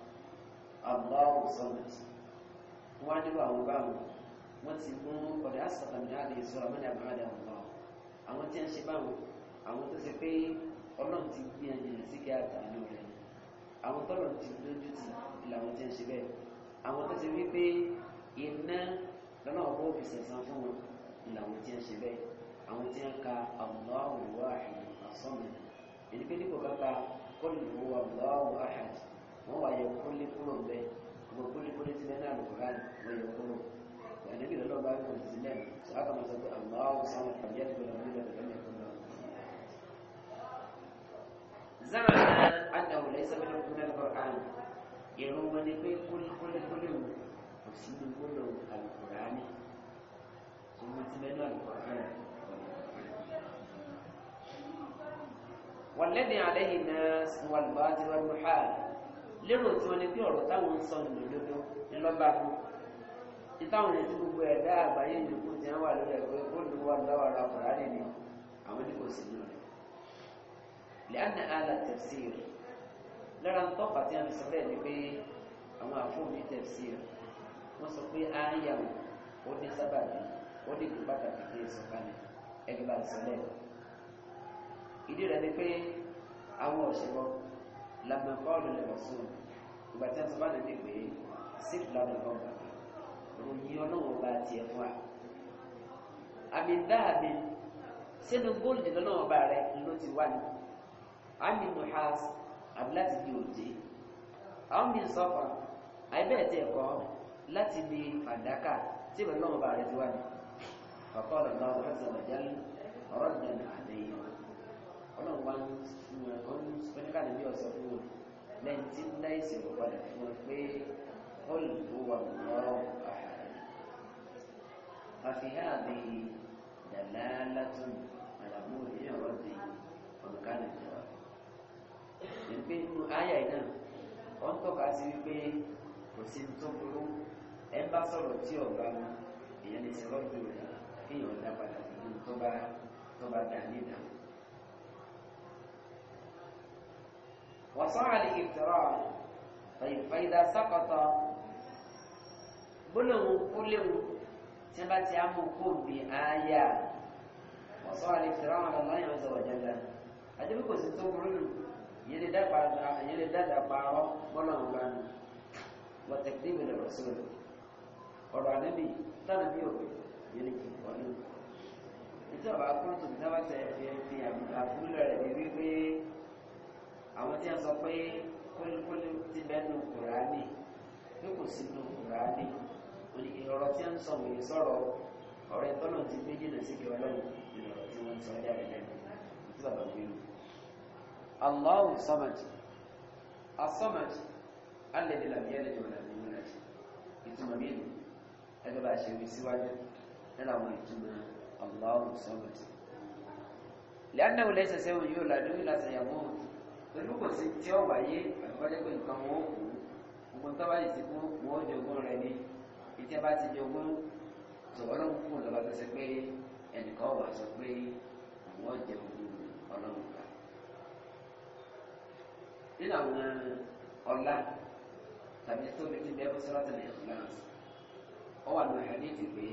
Allahu Samad wọ́n á nílò àwọn báwọn wọ́n ti mú ọ̀dà àsàlámì àlè sọ àmọ́ni àbáradà ọ̀nà àwọn tí ń ṣe báwọn àwọn tó ṣe pé ọlọ́run ti gbé ẹ̀yìn sí kí àtàlù rẹ̀ àwọn tọ́lọ̀ ti lójú ti làwọn tí ń ṣe bẹ́ẹ̀ àwọn tó ṣe wípé iná lọ́nà ọ̀pọ̀ òfìsẹ̀ san fún wọn làwọn tí ń ṣe bẹ́ẹ̀ àwọn tí ń ka Allahu Wahid àsọ̀mọ̀ ẹni pé dípò kápá kọ́lù lọ́wọ́ Allahu Ahad wọ́n wà yọ kúnlé kúrò ń bẹ́ ọmọ kúnlé kúrò ti lẹ́nu àlùkùrán wọ́n yọ kúrò ẹ̀ẹ́dẹ́gbẹ̀ lọ́lọ́ bá kúrò sí lẹ́nu sọ á kàmọ́ sọ pé àmọ́ àwọn sáwọn ìpàdé àti gbọ́dọ̀ nílẹ̀ pẹ̀lú ẹ̀kọ́ náà. zama adamu lẹ́yìn sọ́kẹ́ ló kún lẹ́nu kọ́kán ìrún wọn ni pé kúlé kúlé kúlé wò kò sí ní gbọ́dọ̀ àlùkùrán ọmọ ti lẹ́nu àlùkùrán والذي عليه الناس والباطل والمحال lérò tí wọ́n ní pé ọ̀rọ̀ táwọn ń sọ nìlódodo ńlọ́ba kú ìtàwọn ètò gbogbo ẹ̀dá àgbáyé ìlúkù tí wọ́n wà lórí ẹ̀kọ́ olùwà lọ́wọ́ra kùránì ni àwọn ní kò sí nù rẹ̀ lẹ́yìn àlà tẹ̀síìrì ń tí a fi sọ bẹ́ẹ̀ ni pé àwọn àfọ́ọ̀mù tẹ̀síìrì wọ́n sọ pé ááyàwó ó ní sábàbí ó ní ìlú pàtàkì kí لما قالوا للرسول وبعدين سبحان النبي سيد لنا الغمرة رميونا وباتي أخوة أمن ذهب sínú góòlù lọ́nà ọba rẹ̀ ló ti wá ní àmì nuhas àbí láti di òde àwọn mi sọfà àìbẹ́ẹ̀ tí ẹ̀kọ́ láti di fàdákà tí ìbẹ̀rẹ̀ lọ́nà ọba rẹ̀ ti wá ní. ọ̀pọ̀ ọ̀nà náà wọ́n ti sọ̀rọ̀ jẹ́ ọ̀rọ̀ ìdáná ọlọ́run wá ní ìwọ̀n ẹ̀kọ́ ní oníkàlẹ̀ bí ọ̀sẹ̀ fún wọn lẹ́yìn tí ń dá ìsìn padà fún wọn pé bọ́ọ̀lù tó wà lọ́rọ̀ àhàrẹ̀ fàfihàn àbí dàlá látún àlàbò ìyẹn ọ̀rọ̀ di ọ̀nkánà ìjọba ìpè nínú àyà iná wọ́n tọ́ka sí wípé kò sí tó burú ẹ bá sọ̀rọ̀ tí ọ̀gá mu èèyàn lè ṣe lọ́dún rẹ̀ kéèyàn dá padà nínú tó bá tó bá dá nídàá وصار الإبتراع طيب فإذا سقط بلغ كل تبت يمكن بآية وصار الإبتراع على الله عز وجل أدبكم ستوبرون يلدد أبارة بلغ بان وتكذيب للرسول ọ̀rọ̀ ànábì tánàbí òwe yẹnì kì í wọlé ìjọba akọ́ńtò tí wọ́n ti fi àfúnlẹ̀ rẹ̀ àwọn tí a sọ pé kólíkólí ti bẹ́nu kùránì bí kò sí nu kùránì ọ̀rọ̀ tí a ń sọ wòye sọ̀rọ̀ ọ̀rẹ́ tọ́nà ti gbé jìnnà sí kí ọlọ́run ìrọ̀rọ̀ tí wọ́n ń sọ jáde lẹ́nu tí bàbá gbé lù. Allahu samad asamad alẹ́dẹ̀ làbí ẹlẹ́dẹ̀ wọ̀nà ní wọ́n láti ìtumọ̀ mélòó ẹgbẹ́ bá ṣe wí síwájú nínú àwọn ìtumọ̀ Allahu samad. lẹ́yìn náà wọlé ṣẹṣẹ́ wọn yóò làdúrà ìlàsẹ̀yàwó pẹ̀lú kò sí tí ó wáyé àgbájẹ́ pé nǹkan wọn ó kú ogun tó báyìí ni ìtí ẹ bá ti jogún sọ̀rọ̀ ń kú lọ́ba tó ṣe pé ẹnìkan wà sọ pé àwọn ọ̀jẹ̀ ogun ọlọ́run ká nínú àwọn ọlá tàbí tóbi tí bẹ́ẹ̀ fún sọ́lá tẹ̀lé ìfúláǹsì ó wà ní àdéhìí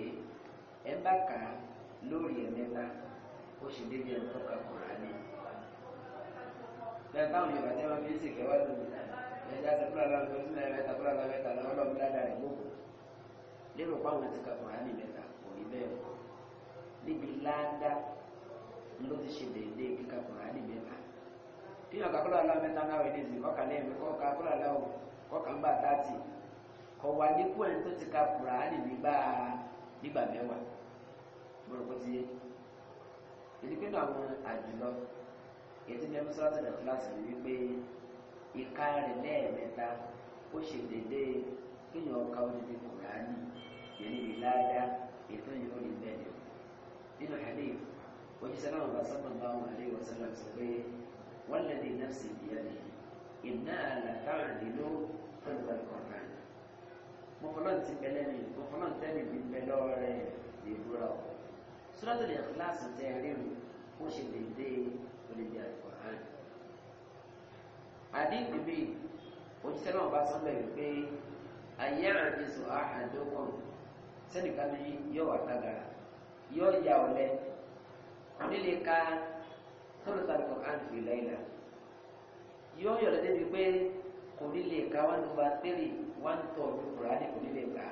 táwọn yorùbá tí wọn fi ń sèké wá lónìí ẹja sẹpúlà lọ́wọ́ tó sílẹ̀ mẹ́ta púlà lọ́wọ́ mẹ́ta lọ́wọ́ lọ́wọ́ bíládà rẹ̀ gbogbo lérò páwọn ti kàkọ́ hánì mẹ́ta kò rí bẹ́ẹ̀ o níbi láńdá ló ti ṣe déédé kíkàkọ́ hánì mẹ́ta bí wọn kàkọ́ lọ́wọ́ mẹ́ta náà wẹ̀ níbi kọ́ka lẹ́yìn kọ́ka kọ́ka lọ́wọ́ kọ́ka ń bà tààtì kọ́ wa ní kú ẹni tó ti ka kùránì nígbà nígbà mẹ́wàá mo rò pé ti yé ètò ìjọba sọ́tọ̀ rẹ̀ kíláàsì ni wípé ìka rẹ̀ lẹ́ẹ̀mẹ́ta ó ṣe dédé kéèyàn ọkà odidi kùránì yẹn níbi láàdá ètò ìyóò rí bẹ́ẹ̀ nínú àlẹ́ òjíṣẹ́ náà bá sọ́tọ̀ bá wọn àlẹ́ ìwọ̀sán náà sọ pé wọ́n lè dé nọ́ọ̀sì ìdíyàlẹ́ iná àlàkáwà nínú fúnbọ̀lù kọ̀ọ̀kan mo ti bẹ̀lẹ́ mi mo tẹ́lẹ̀ mi bẹ lọ́wọ́ rẹ̀ lè búra ọ̀ sọ́tọ̀ kíláàsì tẹ́ rí ó ṣe dédé gbẹgbẹ àlùkòrán àdéhùn bíi òjíṣẹ́ náà bá sọ́nà yìí pé ayé àdéhùn àhàdókòrò sẹ́nìkan ní yóò wà tágara yóò ya ọ̀lẹ onílé ka tọ́lọ̀tà àlùkòrán fi lẹ́yìn náà yóò yọ̀lẹ́ débi pé kò ní lè ka one over three one third kùránì kò ní lè ka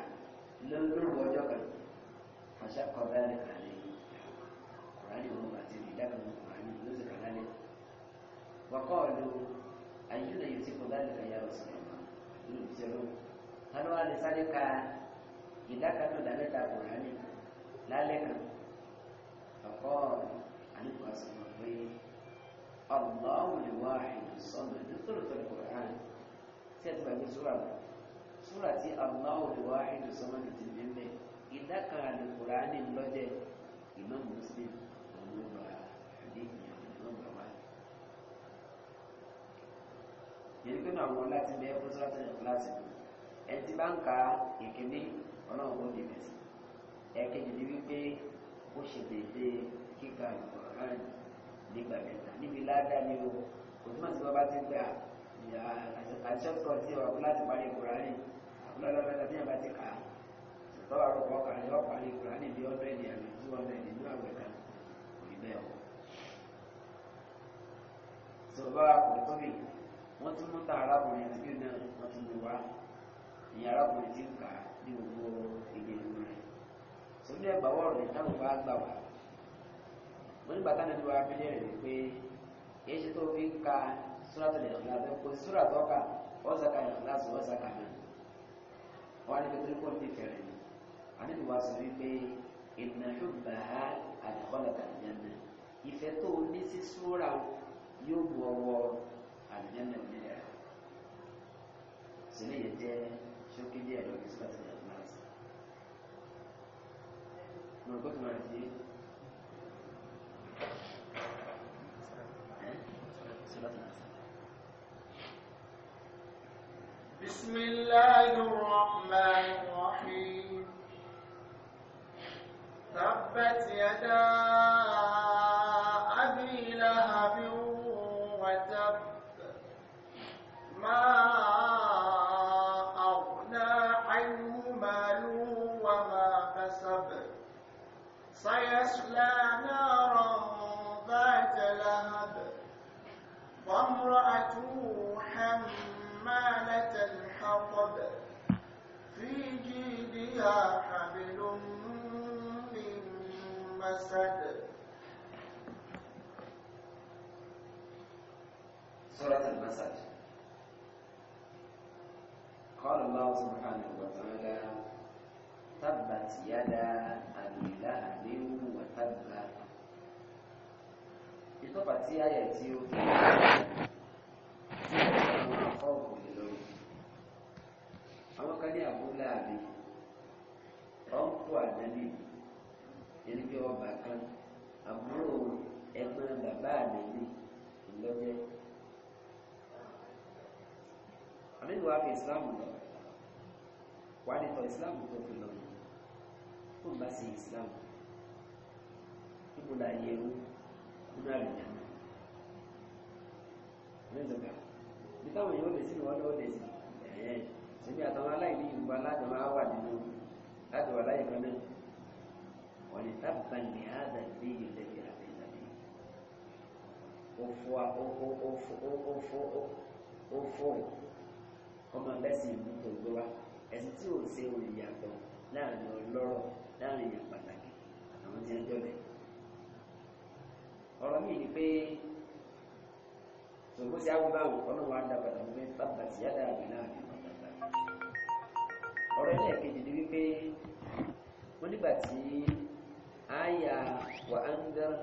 lórúkọ ọjọ́ kan fàṣà kọ̀ọ̀dá rẹ̀ kàlẹ́ kùránì wọn bá ti rí dákàmú kù. وقالوا أينا يوسف ذلك يا رسول الله يبصرون هل هو لذلك إذا كانوا لم يتابعوا عليه لا لك فقال عنك أسمعين الله الواحد الصمد ثلث القرآن سيتبع بسورة سورة الله الواحد الصمد تنبيه إذا كان القرآن لوجه إمام مسلم ومن yìí pé náà wọn láti bẹ ẹkú sọ́tọ̀ ní kíláàsì ẹ ti bá ń ka ìkíní ọlọ́run ó dìbẹ̀ sí ẹ̀kejì ni wípé ó ṣe déédéé kíkà ìkọ̀ọ̀rán nígbà mẹ́ta níbi ládàá ni o kò túmọ̀ sí bọ́bá ti gbà àṣẹ́kọ̀ tí ìwà kú láti parí ìkọ̀ọ̀rán àkúlọ́lọ́lọ́lá tí yàrá ti kà á tọ́wọ́ àrùkọ ọkàn yóò parí ìkọ̀ọ̀rán bí ọ̀dọ́ ènìyàn ní two hundred nínú àwẹ̀ kan kò wọ́n tún mú ta arábìnrin àdúgbò náà wọ́n tún gbé wá ìyẹn arábìnrin ti ń kà á ní gbogbo èdè ìlú rẹ̀ sórí ẹgbà wọ́ọ̀rọ̀ ní táwọn bá gbà wá wọ́n nígbà táwọn ẹni wá fẹ́lẹ́ rẹ̀ pé èyí ṣe tó fi ń ka sóra tó lè yàn lábẹ́ kó sóra tó kà ọ̀sàkà yàn láti ọ̀sàkà náà wọ́n á ní pẹ́ẹ́tẹ́rẹ́ kó ní fẹ̀rẹ̀ ni wọ́n sọ wípé ìnáyó bàá àdìkọ́lọ̀ kàdìyàn aljanna bid'a sene yedde shirki biya da wani suka sanya kuma su mun ko kuma ji بسم الله الرحمن الرحيم تبت يدا أبي لهب ما أغنى عنه ماله وما كسب سيصلى نارا ذات لهب وامرأته حمالة الحطب في جيدها حبل من مسد سورة المسد قال الله سبحانه وتعالى تبت يدا أبي لهب وتب ìtọ́pà tí ayẹ̀ tí ó fi àwọn afọ́ọ̀kù lórí àwọn kan ní àbúlé àbí ọ̀pọ̀ àdáni ẹni pé ọba kan àbúrò ẹgbẹ́ bàbá àdáni ìlọ́jẹ́ àmínú wa fi ìsìláàmù lọ wà á nìtọ̀ ìsìláàmù tó fi lọ tó ń bá sí ìsìláàmù níbo la yẹ ewu nínú àlùjá mẹ́tọ̀gá bí táwọn èèyàn lè sínú ọdún ọdẹ sí ẹ̀ẹ́ ṣẹ́bí àtàwọn aláìní ìlú alájọ máa wà nínú láti wà láyé kan náà wọ́n lè tábà ní àádá ilé yìí lẹ́bi àti ìlànà ó fọ́ ó ọmọ bẹ́sìn ìlú tó gbé wá ẹ̀sìn tí ò ṣe òun ìyàtọ̀ láàrin ọlọ́rọ̀ láàrin èèyàn pàtàkì àtàwọn tí wọ́n jọ ọ̀rọ̀ mi ni pé ṣòwò sí awúbáwò ọlọ́wọ́ adábàdà wípé bàbá tí yá dáàbì láàrin pàtàkì. ọ̀rọ̀ ilé ẹ̀kejì ni wípé wọ́n nígbà tí àyà wà á ń dán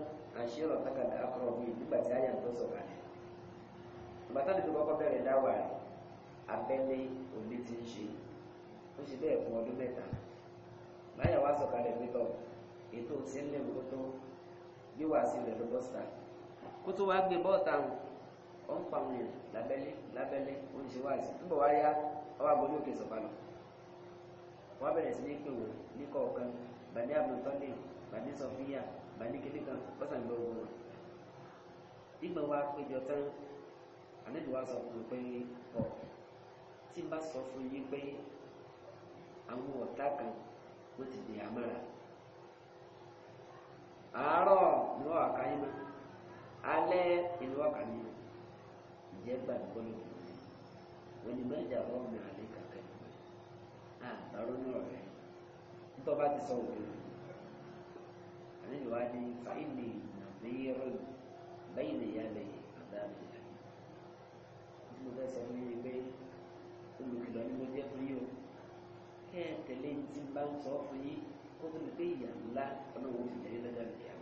àṣírọ̀ tákàdá akọ̀rọ̀ mi nígbà tí àyà ń tó sọ̀kalẹ̀. bàtà nínú kọ́kọ́ bẹ̀rẹ̀ dáwà rẹ̀ abẹ́lé òní ti ń ṣe ó ṣe bẹ́ẹ̀ fún ọdún mẹ́ta máyà wá sọ̀kalẹ̀ pípọ̀ ètò tí ń léwu tó bí wàá sí rẹ̀ ló bọ́ sá kó tó wá gbé bọ́ọ̀tà ó ń pa àwọn èèyàn lábẹ́lé lábẹ́lé ó ń ṣe wáàsí nígbà wá yá ọwọ́ agbolé òkè sọ̀kalẹ̀ wọ́n bẹ̀rẹ̀ sí ní pè wọ́n ní kọ̀ọ̀kan bàdé àbùntọ́lé bàdé sọfíà bàdé kíníkan bọ́sà ń gbọ́rọ̀ wọn. nígbà péjọ tán àníbi sọ fún un pé ọ̀ tí n bá sọ fún yín pé àwọn ọ̀tá kan wọ́n ti dè àmọ́ra àárọ̀ ni wọ́n wà káyé mọ́ alẹ́ ìlú wà káyé mọ́ ìjẹ́ gbàgbọ́ ló ti wọ́n wọ́n ní mẹ́jà ọ̀rọ̀ mi àlẹ́ kàkẹ́ ìlú àbárò ní ọ̀rẹ́ nítorí bá ti sọ òkè àlẹ́ ìlú wa ní fàìlì nàbẹ́yẹrọ bẹ́yìn ìyá lẹ́yìn àdáàbẹ̀ ìlú mo fẹ́ sọ fún yín pé olùkìlọ̀ ní mo jẹ́ fún yín o kẹ́ ẹ tẹ̀lé tí n bá ń sọ fún yín kó tó gbé ìyà ńlá ọlọ́wọ́ fi jẹ́ lọ́jọ́ ìyá.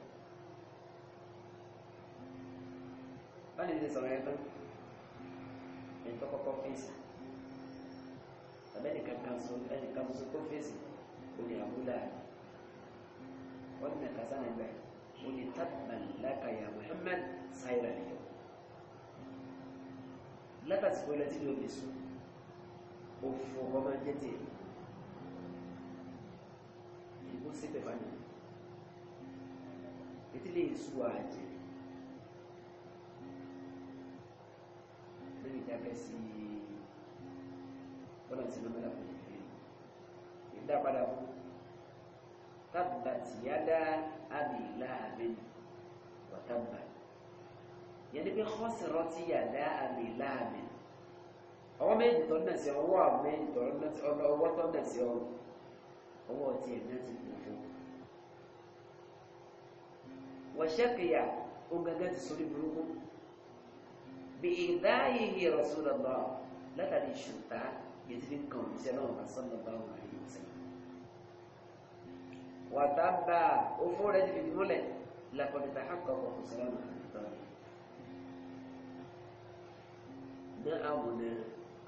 báyìí ti sọ̀rọ̀ ẹ̀ tán kọ́kọ́ fèsì tàbí ẹnìkan kan so ẹnìkan so tó fèsì olè àbúlà wọ́n ní ẹ̀ka sáà nígbà olè tábìlì lákàyà Muhammad sáyẹ̀rẹ̀ yọ látàsí pé ọlọ́tí ni ó sùn ó fún ọmọ máa jẹ́ tèè ìbò sí pẹ̀lú àná ìdílé ìṣú àjẹ́ lórí ìdákẹ́ sí bọ́lá tí lọ́mọdé àwọn ìfẹ́ ìdá padà fún tábàtì yádá àbìlá àbẹ́ni wàtábà yẹn ni pé ọwọ́ méjì tó nà sí ọwọ́ àwọn méjì tó nà sí ọwọ́ tó nà sí ọwọ́ ọwọ́ tí ẹ̀ náà ti dùn fún wọ́n ṣẹ́kìyà ó gẹ́gẹ́ ti sórí burúkú bí ìdáyé yìí rọ̀sùlọ̀ lọ látàrí ṣùtá yìí ti fi ń kàn sí ọlọ́run bá sọ́nà bá wọn àyè ọ̀sẹ̀ wàtá bá òfó rẹ̀ ti fi múlẹ̀ làkọ̀dẹ̀ta àkọ́kọ̀ kò sọ́nà àyè ọ̀sẹ̀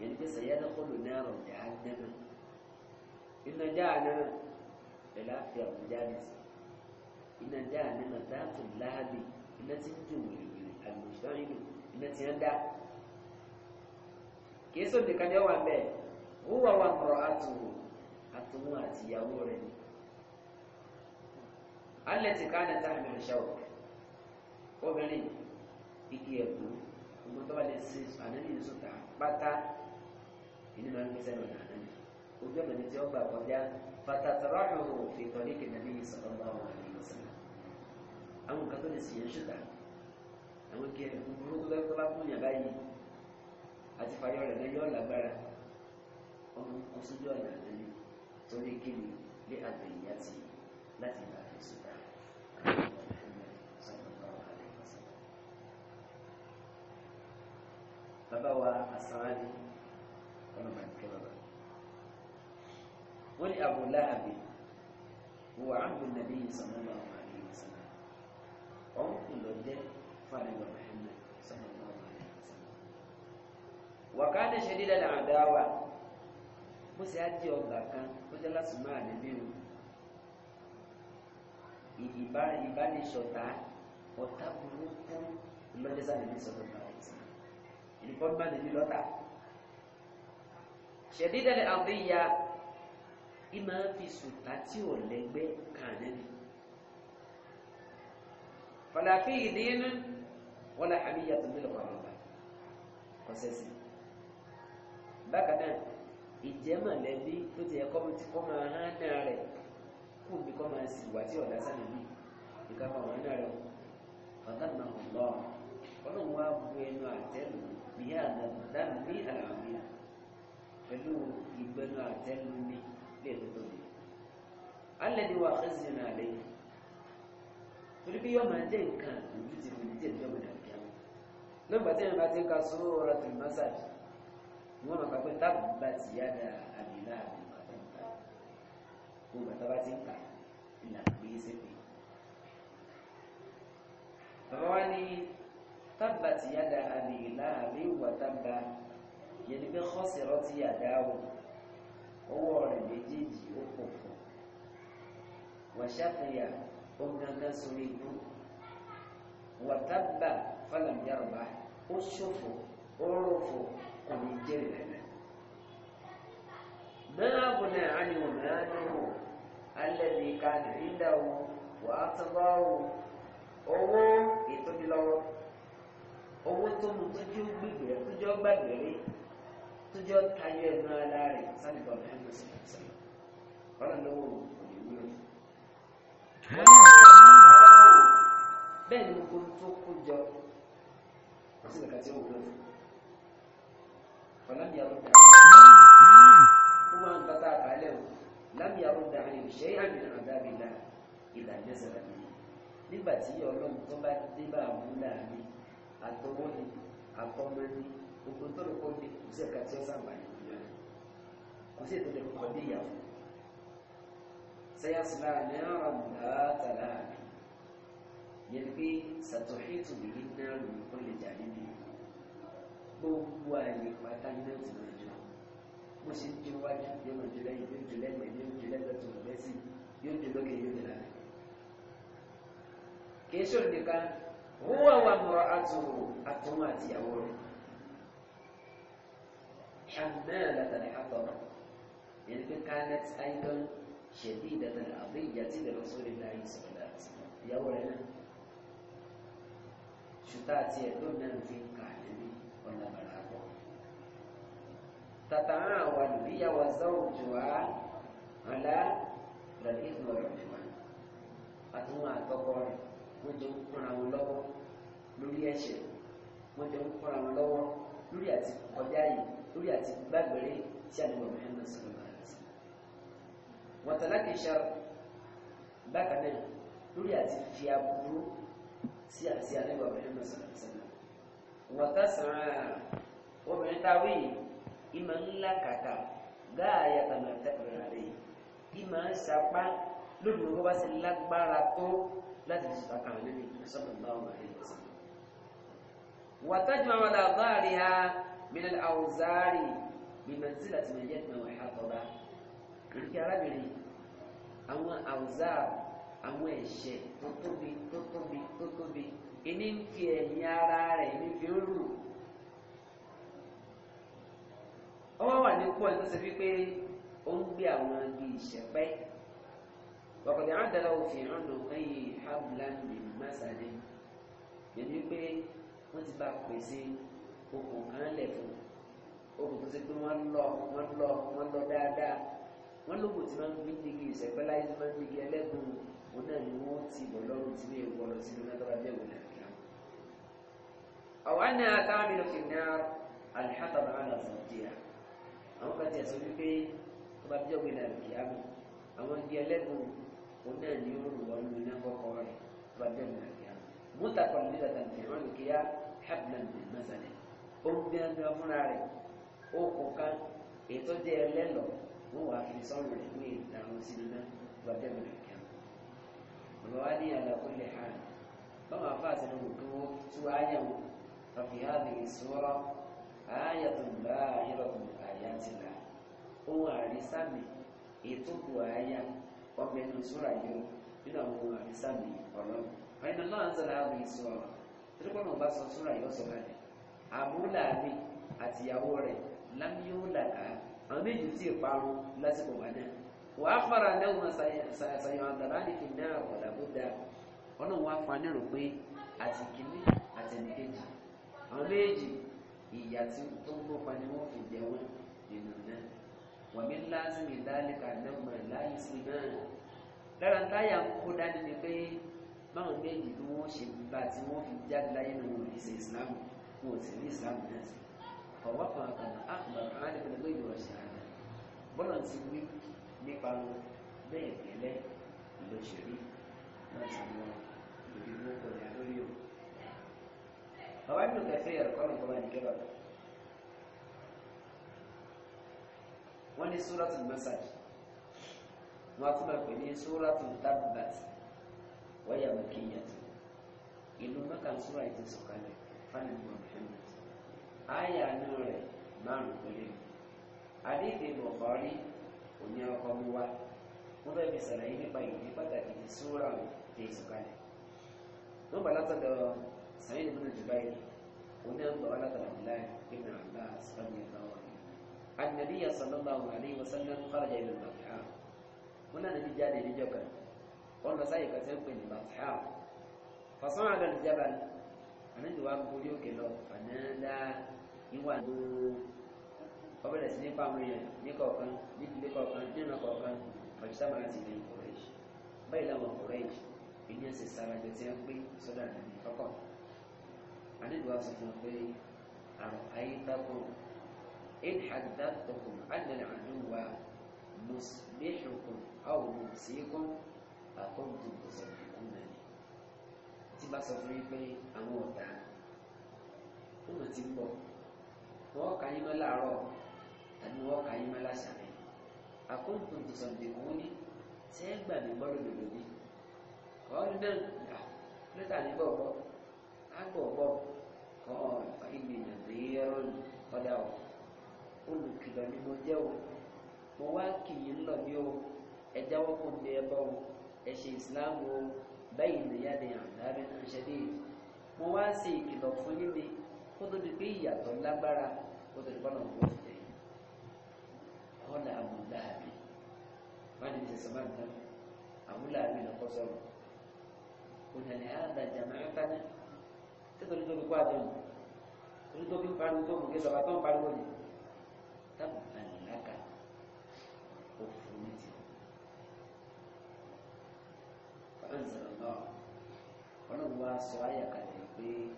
yẹn pé sẹ̀yẹ́ lọ́kọ́lù náà rọ̀ jà á nẹ́nu iná já nẹ́nu pẹ̀lú àfẹ́ àwọn jáde sí iná já nẹ́nu táàtù láàbì iná tí ń dùn wìrìwìrì àlùmọ̀ṣán ìlú iná tí ń dá kìí sọ nìkan jẹ́ wà bẹ́ẹ̀ wọ́n wà wà mọ̀rọ̀ àtùwò àtùwò àti ìyàwó rẹ̀ ni alẹ́ ti ká nẹ́ta àmì ìṣàwọ̀ obìnrin igi ẹ̀kú ọmọ tó bá lè ṣe ànáyìn pátá ìní máa ń gbé sẹ́nu ìlànà ni ojú ọ̀nà ni tí ó gbà kọjá fatatara ọ̀hún fi tọ́lé kìnnàbí ìsọ̀rọ̀ bá wà ní ìsọ̀rọ̀ àwọn nǹkan tó lè sì yẹn ṣùgbà àwọn kí ẹ̀rù burúkú tó bá kún yàn báyìí àti fàyọ rẹ̀ lẹ́yìn ọ̀làgbára ọmọ nǹkan sójú ọ̀nà àdánù torí kí lé àgbẹ̀yìn àti láti bá fi sùdà àwọn ọmọ ìfúnni bàbá wa wani abu lahabi wa abu nabi sallallahu alaihi wasallam on kulo je fara ga muhammad sallallahu alaihi wasallam wa kana shadida al-adawa bó ṣe á jẹ ọgbà kan ó jẹ láti máa níbí o ìbánisọ̀tà ọ̀tá burúkú lọ́jọ́ sáà níbi sọ̀tọ̀ báyìí ìdíkọ́ bá níbí lọ́tà ṣẹ̀dídẹ̀lẹ̀ àbíyá ìmọ̀ fi sùtá tí ò lẹ́gbẹ́ kànáàbì fàlàfí ìdínú wọ́n láì àbíyá tó nílò pàmòbá kọ́sẹ́sì bákan náà ìjẹ́mọ̀lẹ́bí tó ti ẹ̀kọ́ mi ti kọ́ máa hán náà rẹ̀ kú mi kọ́ máa sì wá tí ọ̀dá sáré bí ìka máa wọ́n náà rẹ̀ fàtàn náà lọ́ọ̀ ọlọ́run wá bu ẹnu àtẹ́lù bí i àdàbí àlàáfíà pẹ̀lú ìgbẹ́nu àtẹ́lu mi lè lọ́dọ̀ mi. alẹ́ni wa kẹ́sì náà lè torí bí yọ máa jẹ́ nǹkan ìlú ti fi díẹ̀ ní ọmọdé àbíyá wọn. lọ́gbà tí ẹ̀rọ ti ń ka sóró ọ̀rọ̀ tó mọ́sáàjì ni wọ́n máa pàpẹ́ táàbù bá ti yá da àmì náà àmì bàtà ń ta gbogbo bàtà bá ti ń kà ìlànà gbé sépè. bàbá wa ní tábà ti yá da àmì ìlà àmì ìwà yẹn ni pé kọ́sìrọ́ ti àdáwò ọwọ́ rẹ̀ méjèèjì ó pò fún wàṣàkìyà ó gángan sórí ibú wàtábà fàlàmìyàrùbá ó ṣòfò ó rọ̀fò kò ní jẹ́ ìrẹ̀lẹ̀ máa bùnà àníwò máa níwò alẹ́bí kan ìdáwò wàá tọ́gbáwò owó ìtọ́jú lọ́wọ́ owó tó mú tójú gbígbẹ́ tójọ́ gbàgbé tó jẹ́ tayọ ẹ̀mọ́ ara rẹ̀ sálẹ̀bọ̀ mẹ́rin sọ̀rọ̀ ọ̀rọ̀ lọ́wọ́ òní wúlò ah. bẹ́ẹ̀ ni kò tó kó jọ sí ìgbà tí ó wúlò ọ̀làmì àrùdà hmm. ó máa ń bàtà àkàlẹ̀ o lámì àrùdà rẹ̀ ṣe é àmì àdábìlà ìlànà ìṣẹ̀lẹ̀ mi nígbà tí ọlọ́run tó bá dé bá àbúlà mi àtọwọ́ ni àtọmọ ni gbogbo tó lè kó dé kò sí ẹ̀ka tí ó sàǹfààní kò sí ètò ìdẹ̀kọ̀ kọ́ dé ìyàwó sẹ́yà sílá ní àrùn látara yẹn pé sàtòhìtù yìí náà ló ń kó lè jà níbi gbogbo àyè pátá iná ti máa jọ bó ṣe ń jó wájú yóò máa jó lẹ́yìn yóò jó lẹ́gbẹ̀ẹ́ yóò jó lẹ́gbẹ̀ẹ́ tó lọ bẹ́ẹ̀ sí yóò jó lókè yóò jó lálẹ́ kì í ṣòro nìkan wọ́n wà wà حمالة حطب يعني كانت أيضا شديدة الأذية لرسول الله صلى الله عليه وسلم يولا شتاتي دون في كعلمي ولا بلاغه تتعاون هي وزوجها على الإثم والعدوان أتوما أتوقع وجه قرآن الله لولي أشياء وجه قرآن الله lórí àti kọjá yìí lórí àti gbàgbére tí àdúgbò Muhammad sallallahu alaihi wasallam wàtàlákì ṣáà bákan náà lórí àti fi aburú sí àti àdúgbò Muhammad sallallahu alaihi wasallam wàtàsán obìnrin táwí ìmọ̀ ńlá kàkà gáàyà tàbí àtẹ́kọ̀ọ́ rẹ̀ ìmọ̀ ń sapá lórí gbogbo bá sì lágbára tó láti fi sọ̀tà kan lórí ìsọ̀tà báwọn àríwá sí وتجمع على ظهرها من الأوزار بمنزلة من يتمع وحطبة nígbà arábìnrin àwọn àwùzáà àwọn ẹ̀ṣẹ̀ tó tóbi tó tóbi tó tóbi ìní ń fi ẹ̀yìn ara rẹ̀ ní fi ń rù ó wá wà nípò ẹ̀ tó ṣe wípé ó ń gbé àwọn ibi wọ́n ti bá pèsè okùn kan lẹ̀ fún okùn tó ṣe pé wọ́n lọ wọ́n lọ wọ́n lọ dáadáa wọ́n lókùn tí wọ́n fi ń digi ìṣẹ̀pẹ́ láyé tí wọ́n ń digi ẹlẹ́gùn òun náà ni wọ́n ti bọ̀ lọ́rùn tí wọ́n wọ́ lọ sínú lọ́dọ̀ abẹ́ òun náà kí wọ́n. ọ̀wá ní akáwọn ìlú fi ná alihátàbà hàn àti ìdíyà àwọn kan ti ẹ̀sọ́ wípé ọba abẹ́jọ́ náà kì í àmì àwọn igi ẹlẹ́gùn òun náà ni ó rù wọ́n lu iná متقلدة في عنقها حبلا من مثل obìnrin gan fúnra rẹ̀ okùn kan ètò jẹ́ ẹlẹ́lọ wọ́n wàá fi sọ́run rẹ̀ ní ìdáhùn sinimá gbàdẹ́mù rẹ̀ kí wọ́n bàbá wa ní àlàkó lè ha báwọn afáàsì ní òkú wọn tú ayé wọn ọ̀fi ha lè sọ́rọ́ ayé tó ń bá ayé lọ́kùn àyà ti là ohun àrísàmì ètò kù àyà ọbẹ̀ ní sọ́ra yìí nínú àwọn ohun àrísàmì ọlọ́run. فإن الله أنزل هذه السورة تلقون مباسة سورة يوسف هذه أبو لابي أتياوري لم يولك أمين جتير فارو لازم وانا وأخبر أنهما سيعذبان في النار ولا بد ọlọ́run wá fún anẹ́rù pé àti kìíní àti ẹnìkejì àwọn méjì ìyà tí tó ń gbópa ni wọ́n fi jẹ wọ́n nínú náà wàmí báwọn méjì bí wọ́n ṣe gbà tí wọ́n fi jáde láyé ní wọn ìṣe islam wọn ò sì ní islam náà sí ọwọ́ kan kan àkùnbà aláàlẹ́ pẹ̀lú pé ìrọ̀ ṣe àná bọ́lá ti wí nípa wọn bẹ́ẹ̀ gẹ́lẹ́ lóṣèlú náà ti wọn lórí owó kọjá lórí o. bàbá nínú kẹfẹ́ ẹ̀kọ́ ọ̀rùn kọ́ba ní kẹ́bà wọ́n ní sóràtún mẹ́sàgì wọ́n á tún bá pè ní sóràtún wáyà mẹ́kẹ́yà tí ìlú mẹ́kà ń súra ìtẹ̀ sọ̀kalẹ̀ fánàbọ̀ Muhammad àyà náà rẹ̀ márùn péré àdéhìí Bukhari òní ọkọ̀ mú wa wọ́n fẹ́ fi sàlàyé nípa ìdí pàtàkì ti súra ìtẹ̀ sọ̀kalẹ̀ wọ́n bá látọ̀dọ̀ sàyìn ìbùnú Jubair òní ọgbà látọ̀dọ̀ Abdullahi ibn Abbas ọ̀gbìn ìbáwọ̀ النبي صلى الله عليه وسلم خرج إلى المرحاض هنا نتيجة لجوكر قلنا سايق تنقل بطحا فصعد الجبل من دوار بوليو كيلو فنادى يوان دو قبل سنين فاملي نيكو كان نيك نيكو كان نيكو كان كان فجسام على سنين قريش بايلا من قريش إني أسسارا جتين قوي سودا نبي فقط أنا دوار سنين قوي أرأيتكم إن حدثتكم أن العدو مصبحكم أو مبسيكم fàkóòdù tó sọ fún mi tí bá sọ fún yín pé àwọn ọ̀tá ó mà ti ń bọ̀ wọ́n kà yín mọ́ láàárọ̀ tàbí wọ́n kà yín mọ́ láṣàlẹ̀ àkóòdù tó sọ fún mi ní ṣé é gbà mí gbọ́dọ̀ lòdò ní kọ́ọ́lù náà lẹ́tà ní bọ̀ á bọ̀ bọ̀ kọ́ọ̀lù ìgbìmọ̀ ìyẹ́rọ̀ ọ̀dà ọ̀ olùkìlọ̀ ni mo jẹ́ o mo wá kì í lọ ní o ẹ̀jáwọ́ kò ní ẹ bọ́ o ẹ̀ṣẹ̀ ìsìláàmù bẹ́yìn ìyáde àdáre àṣẹdé wọn wá sí ìkìlọ̀ fún yín ni kó tó di pé ìyàtọ̀ lágbára kó tó di pọ́nà wọn ti tẹ̀ ọ̀nà àmúdáàbí wọn ni sẹ̀sọ̀ máa ń tán àmúdáàbí lọ́kọ́ sọ̀rọ̀ kò nà àdá jàmáà tánà títọ́ nítorí kó àdéhùn nítorí pariwo tó mú kí sọ̀rọ̀ àtọ́ pariwo yìí. أنزل الله ولو سوايا كذلك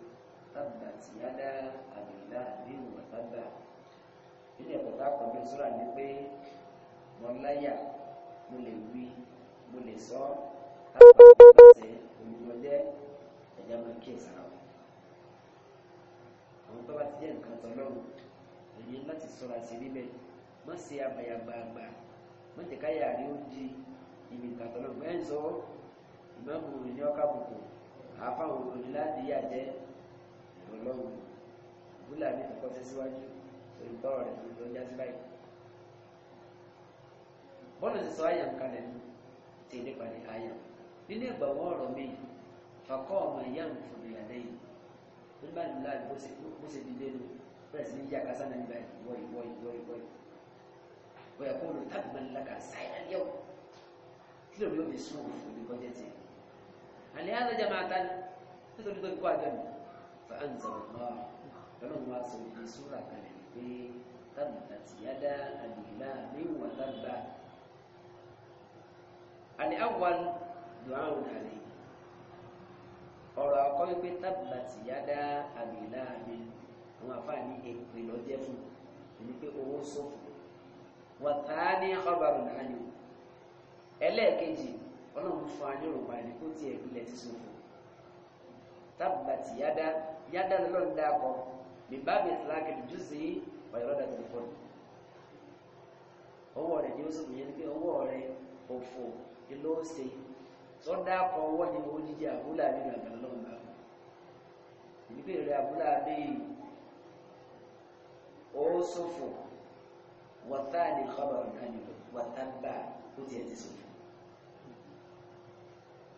تبت يدا أبي لهب وتب ilé ẹ̀kọ́ tá a kọ́ bí sọ́ra ni pé mo láyà mo lè wí mo lè sọ kápá ṣe olùwọlé ẹ̀já máa kí ẹ̀sán àwọn. àwọn tó bá ti jẹ́ nǹkan tọ́lọ́rùn èyí láti sọ́ra sí níbẹ̀ má ṣe àbàyàgbàgbà má jẹ́ káyà rí ó di ibi nǹkan tọ́lọ́rùn ẹ̀ ń sọ ọ́ ìmọ̀mù òní ní ọkà bùkù àfáwọn òní láti yà jẹ́ ìrọ̀lọ́wù búlà ní ìkọ́ tẹ́síwájú olùgbọ́ rẹ̀ ló ń jásí báyìí. bọ́ọ̀lù ti sọ àyàn kalẹ̀ ní ti nípa ní àyàn nínú ìgbàwọ́ ọ̀rọ̀ mi fakọ́ ọmọ ìyá nǹkan ìyàdẹ́ yìí nígbà nílá bó ṣe dìde nù bẹ́ẹ̀ sí ní yíyá kásá náà nígbà ìwọ ìwọ ìwọ ìwọ ìwọ wọ́n yà kó olùtàgbọ́n lákà sáyà yẹ̀wò kí lóbi ó fi sún òfin ní kọjá tiẹ̀ alihaza jama'atan nítorí pé kó àjọ ni fa anzalallahu lọ́nà wa sọ ìdí sóra kalẹ̀ pé tabbat yada àdìlá níwà tábà al-awwal du'aun alayhi ọ̀rọ̀ àkọ́ wípé tabbat yada àdìlá mi àwọn àfààní èpè lọ́jẹ́ fún ẹni pé owó sọ̀fù wàtáni khabarun anhu ẹlẹ́ẹ̀kejì ọlọ́run fún wa ní òǹpa ẹni kó tiẹ̀ ilẹ̀ ti sòfò tábàtì yádá yádá lọ́lọ́run dáàkọ bíbá mi lákìlì jù sí ọ̀yọ́rọ́dà tẹlifóònù ọwọ́ rẹ̀ ni ó sì yẹn pé ọwọ́ rẹ̀ òfò ló ṣe tó dáàkọ ọwọ́ ni ó díje àbúlà mi rà gbà lọ́run bá ìdíbò rẹ̀ àbúlà mi ó sòfò wọ́tá ni kọ́bà ọ̀dánilò wọ́tá bá ó tiẹ̀ ti sòfò.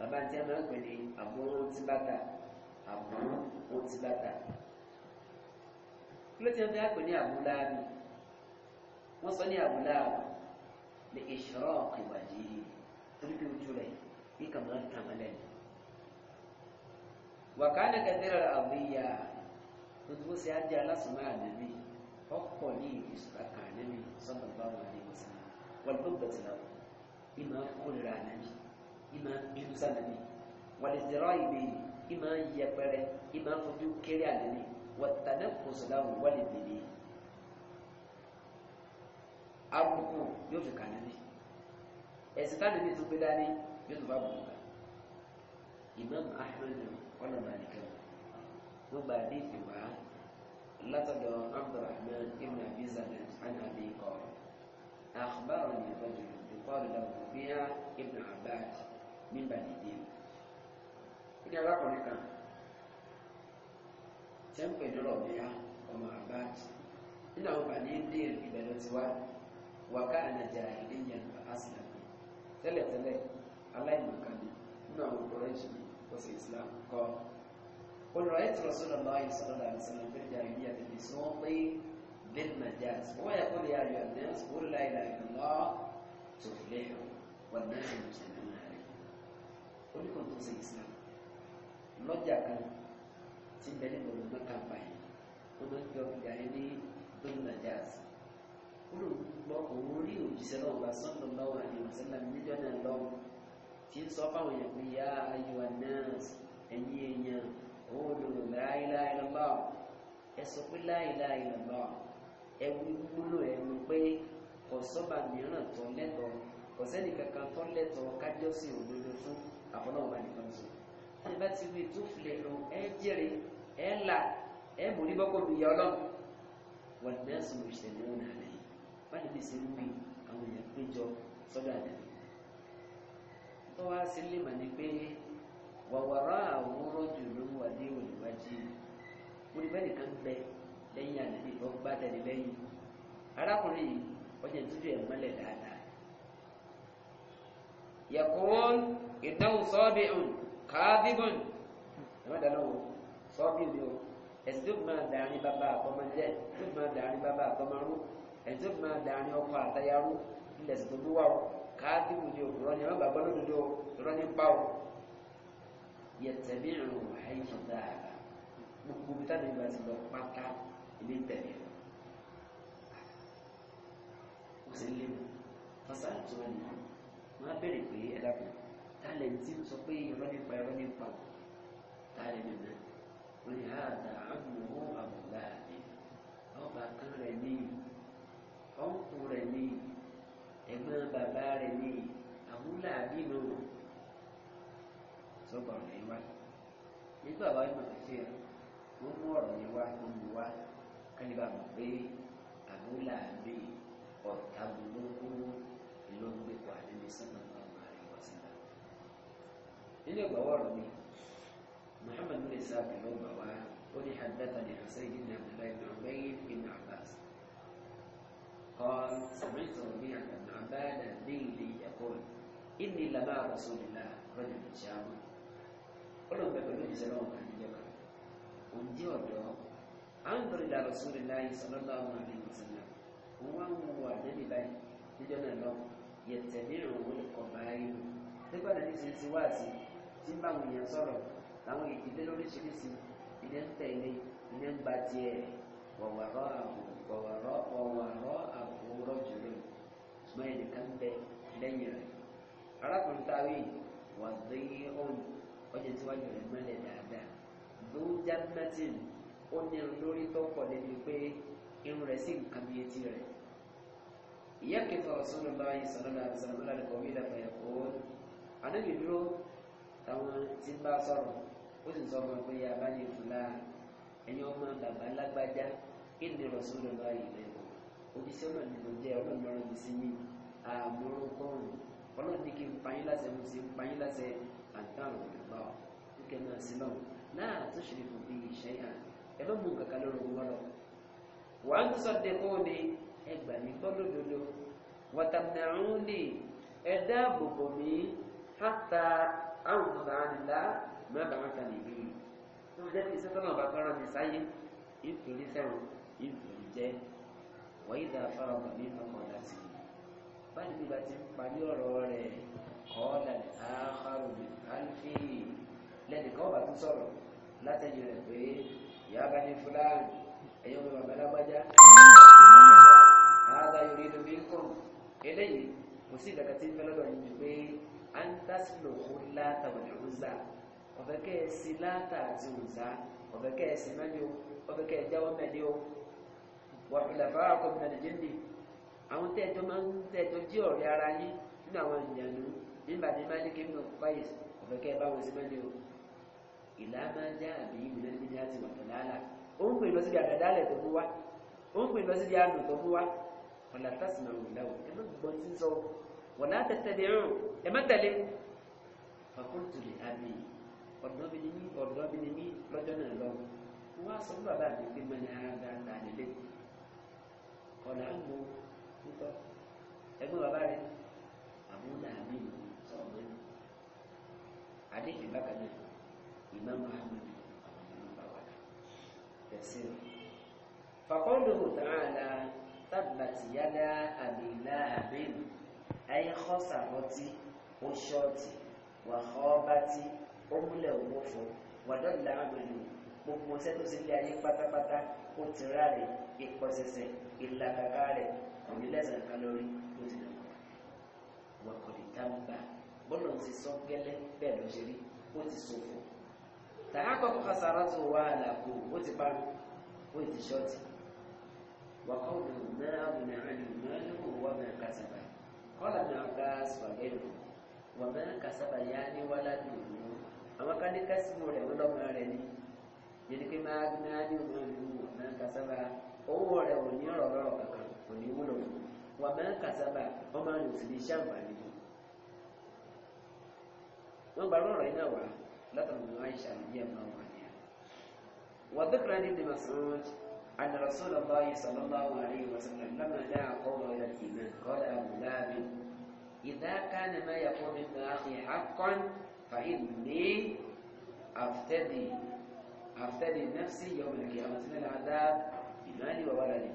bàbá tí a máa ń pè ní àbúrò tí bàtà àbúrò tí bàtà kí ló ti ń fi àpè ní àbúlá mi wọ́n sọ ní àbúlá ní ìṣòro ìwádìí yìí torí pé ojú rẹ̀ bí kàmá tàmálẹ̀ ni wàkánà kẹtẹrẹ àwòyà tuntun sí ajé alásùnmọ́ ànábì ọ̀pọ̀ ní ìṣúra kan sọ́dọ̀ bá wà wọ́n tó gbẹ̀tì lọ ìmọ̀ kórìíra ànábì ìmọ̀ bínú sànàbí wàlẹ̀dẹ̀rọ̀ ìbí ìmọ̀ yẹpẹrẹ ìmọ̀ fojú kéré àlẹ́lẹ́ wọ̀tàná kòsìláwò wàlẹ̀dẹ̀lẹ́ àbùkù yóò fi kàn ní ẹ̀sìn tánàbí tó gbé dání yóò tó bá bùkù kàn Imam Ahmad ọ̀nà màlìkà ló gba àdéhùn wá látọ̀dọ̀ Abdurrahman ibn Abi Zanad anabi kọ́ akhbarani rajul yuqalu lahu biha ibn Abbas nígbà dìde ó ní arákùnrin kan tẹ́ ń pè lọ́rọ̀ mẹ́ra ọmọ àbáàdì nínú àwọn bàní ilé ìbẹ̀ ló ti wá wàká ànàjà ìléyàn àásìlà tẹ́lẹ̀tẹ́lẹ̀ aláìmọ̀kan ni nínú àwọn kọ́rẹ́jì ó sì Islam kọ́ olùrànlẹ́tì Rasulullah sallallahu alaihi wasallam fẹ́jà ìlú àtẹ̀lẹ́ sọ wọ́n pé بالمجاز وهو يقول يا أيها الناس قل لا إله إلا الله تفلحوا والناس المسلمون oníkan tó ṣe islam lọ́jà kan ti bẹ ní gbogbo mẹ́ta báyìí wọ́n máa ń gbé ọ̀gá yẹn ní gómìnà jazz olùgbọ́ òun rí òjíṣẹ́ náà bá sọ́nà lọ́wọ́ àdìmọ̀sẹ́lá mílíọ̀nù lọ́wọ́ tí ń sọ fáwọn èèyàn pé yá ayọ̀ nọ́ọ̀sì ẹ̀yìn èèyàn òun lòlò láìláìlọ́lọ́ ẹ sọ pé láìláìlọ́lọ́ ẹ wí gbóló ẹnu pé kò sọ́ba mìíràn tó lẹ́tọ̀ọ́ kò sẹ́ni kankan tó lẹ́tọ̀ kájọ́sìn òdodo fún àfọlọ́wọ́ bá nìkan sọ tí bá ti wí tó filẹ̀ lọ ẹ jẹ́rẹ̀ ẹ là ẹ mú ní bọ́kọ̀ bìyà ọlọ́run wọ́n ní bẹ́ẹ̀ sùn ìṣẹ̀lẹ̀ wọn nà lẹ́yìn wọ́n ní bí ṣe wí àwọn èèyàn péjọ sọ́dọ̀ àdàbí tó wá sí lèmọ̀ ni pé wàwàrà àwọn rọ́jò ló ń wà dé olùwájú mo ní bẹ́ẹ̀ nìkan bẹ lẹ́yìn àdàbí tó gbá tẹ̀lé arákùnrin yìí ọjà ìtújú ẹ̀ mọ́lẹ̀ dáadáa يقول إنه صابع كاذب ماذا له صابع اليوم ẹ̀sùn máa dàrin bàbá àtọmọ jẹ́ ẹ̀sùn máa dàrin bàbá àtọmọ rú ẹ̀sùn máa dàrin ọkọ àtayarú ilẹ̀ sì tó bí wà ó káàdìmù ni ò rọ́ni ọ̀rọ̀ bàbá lódodo ó rọ́ni pa ó yẹtẹ̀mí ìrùn àìsù dáadáa gbogbo bí táwọn ìgbà ti lọ pátá ilé tẹ̀lé ó sì lé mu fásitì tó wà nìyẹn wọ́n á bẹ̀rẹ̀ pé ẹ dàpọ̀ tálẹ̀ tí ń sọ pé irọ́ nípa irọ́ nípa tálẹ̀ nìyẹn wọ́n ní àdá àmúhó àbúgbà mi ọba kan rẹ̀ ní ọ̀nkù rẹ̀ ní ẹ̀gbọ́n bàbá rẹ̀ ní àmúlà bínú sọ́gbà ọ̀rọ̀ yìí wá nígbà wàá yóò fi ṣe wọ́n mú ọ̀rọ̀ yìí wá wọ́n mú wá kánibà mọ̀ pé àmúlà bíi ọ̀tá burúkú. lọ́gbẹ̀kọ̀ àdébí sọ́nà ọmọ rẹ̀ wọ́sílá nínú ìgbàwọ́ ọ̀rọ̀ mi محمد بن إسحاق الأموي قل حدثني حسين بن عبد الله بن عبيد بن عباس قال سمعت ربيعة بن عباد الديلي يقول إني لما رسول الله رجل شاب قلهم بقلوب سلام عن جبل ونجي ودعوه أنظر إلى رسول الله صلى الله عليه وسلم هو هو النبي بين لجنة الله yẹtẹ̀lé òun ọ̀bà ìlú nígbà tí ṣe ti wá sí tí ń bá àwọn èèyàn sọ̀rọ̀ àwọn ìdílé lóríṣiríṣi ilé ń tẹ̀lé ilé ń wọwọrọ tiẹ̀ wọ̀wọ̀rọ̀ àwòrọ̀ wọ̀wọ̀rọ̀ àwòrọ̀ jùlọ ṣùgbọ́n ẹnìkan ń bẹ arákùnrin táwí tí dáadáa já ó ní lórí tó pé irun sì ń يقف رسول الله صلى الله عليه وسلم على القبيل فيقول أنا بدرو táwọn tí ń bá sọ̀rọ̀ ó sì sọ fún pé abáyé fúlá ẹni ọmọ bàbá lágbájá kéde rọ̀sọ́lọ̀ báyìí rẹ̀ òbísí ọlọ́ọ̀ni ló jẹ́ ọlọ́ọ̀nọ́rọ̀ mi sí mi àmúrò kọ́ọ̀rùn ọlọ́ọ̀ni kí n payín lásẹ̀ mo sì ń payín lásẹ̀ àtàrùn ìgbà ọ̀ níkẹ́ náà sí náà náà tó ṣe fún bí iṣẹ́ yà ẹ ló mú kàkà lóru wọn lọ. wàá ń sọ dẹ́kọ́ ni ẹgbà mí gbọ́ lódodo wàtàmìnàrún lè ẹ̀dá àbòbò mi hátà àrùn sàánilá mẹ́bàá kan lè rí tó jẹ́ kí sẹ́tọ́nà bá tọ́ra mi sáyé nítorí sẹ́wọ̀n nítorí jẹ́ wọ́n yìí dáa fáwọn ọmọ mi lọ́kọ̀ láti báyìí nígbà tí ń parí ọ̀rọ̀ rẹ̀ kọ́ lálẹ́ àárọ̀ mi àlùfí lẹ́nìkan ọba tó sọ̀rọ̀ látẹ̀yìn rẹ̀ pé ìyá bá ní fúláàmù ẹ̀yin ọmọ bàbá lágbájá àádá yorì ló bí kọ́ eléyìí kò sí ìdàgbà tí ń fẹ́ lọ́dọ̀ yìí pé antasilu hula tàbí húzà ọ̀fẹ́ kẹ́ ẹ sí láta àti húzà ọ̀fẹ́ kẹ́ ẹ sí mẹ́ni o ọ̀fẹ́ kẹ́ ẹ jáwọ́ mẹ́ni o wà fìlà fáwọn akọ̀bìnà nìjẹ́ndì àwọn tẹ́ẹ̀jọ́ máa ń tẹ́ẹ̀jọ́ jí ọ̀rẹ́ ara yín nínú àwọn ìyànú nígbà tí máàlíkì ń lọ báyìí o kẹ́ ẹ báwọn sí mẹ́ni o ìlà máa já àbí ìwé lẹ́nu bí ní ó ń pè lọ sí àgàdálẹ̀ tó mú wá ó ń pè lọ sí àdùn tó mú wá ọ̀là tásìmọ̀ rò láwọ̀ ẹ má gbọ́ tí ń sọ wọ̀n láti tẹ̀lé rò ẹ má tẹ̀lé àmì ọ̀dọ́bìnrin ní lọ́jọ́ náà lọ́wọ́ wọ́n á sọ fún bàbá mi pé mẹ́rin ara dáadáa nílé ọ̀nà àmú nítọ́ ẹgbẹ́ bàbá rẹ̀ àmú náà mí sọ̀rọ̀ mẹ́rin tẹ̀síl fàkọ́ndòwò tààlà tábìlàtì yádá àbìlà àbẹ́lù ayé xọ́sàbọ́tì ó ṣọ́ọ̀tì wà xọ́ọ́bátì ó múlẹ̀ owó fún wàdọ́là àbẹ̀lù gbogbo sẹ́tò sílé ayé pátápátá ó ti rà rẹ̀ ìpọ̀sẹ̀sẹ̀ ìlàkàkà rẹ̀ òmìnirẹ́sẹ̀ kan lórí ó ti lọ. wàkọ̀dì tá ń bá bọ́lọ̀ ń ṣe sọ́gẹ́lẹ́ bẹ́ẹ̀ ló ṣe tààkọ̀kọ̀ kàsàrà tó tụwa àlàkù ó ti parí ó ti ṣọ́ọ̀tì wàkọ́ òun náà àbùnà àyùn náà ló kò wà mẹ́rin kàsàbà kọ́là náà bá sọ̀gẹ́rù wà mẹ́rin kàsàbà yá ní wàlá dùnú àwọn kání kásìmù rẹ̀ wọ́n rẹ̀ yẹn máa náà ní wà owó rẹ̀ ní ọ̀rọ̀ kankan kò ní لطم عائشة رضي الله عنها وذكر لابن مسعود أن رسول الله صلى الله عليه وسلم لما دعا قومه إلى الإيمان قال أبو لاب إذا كان ما يقول ابن أخي حقا فإني أفتدي أفتدي نفسي يوم القيامة من العذاب بمالي وولدي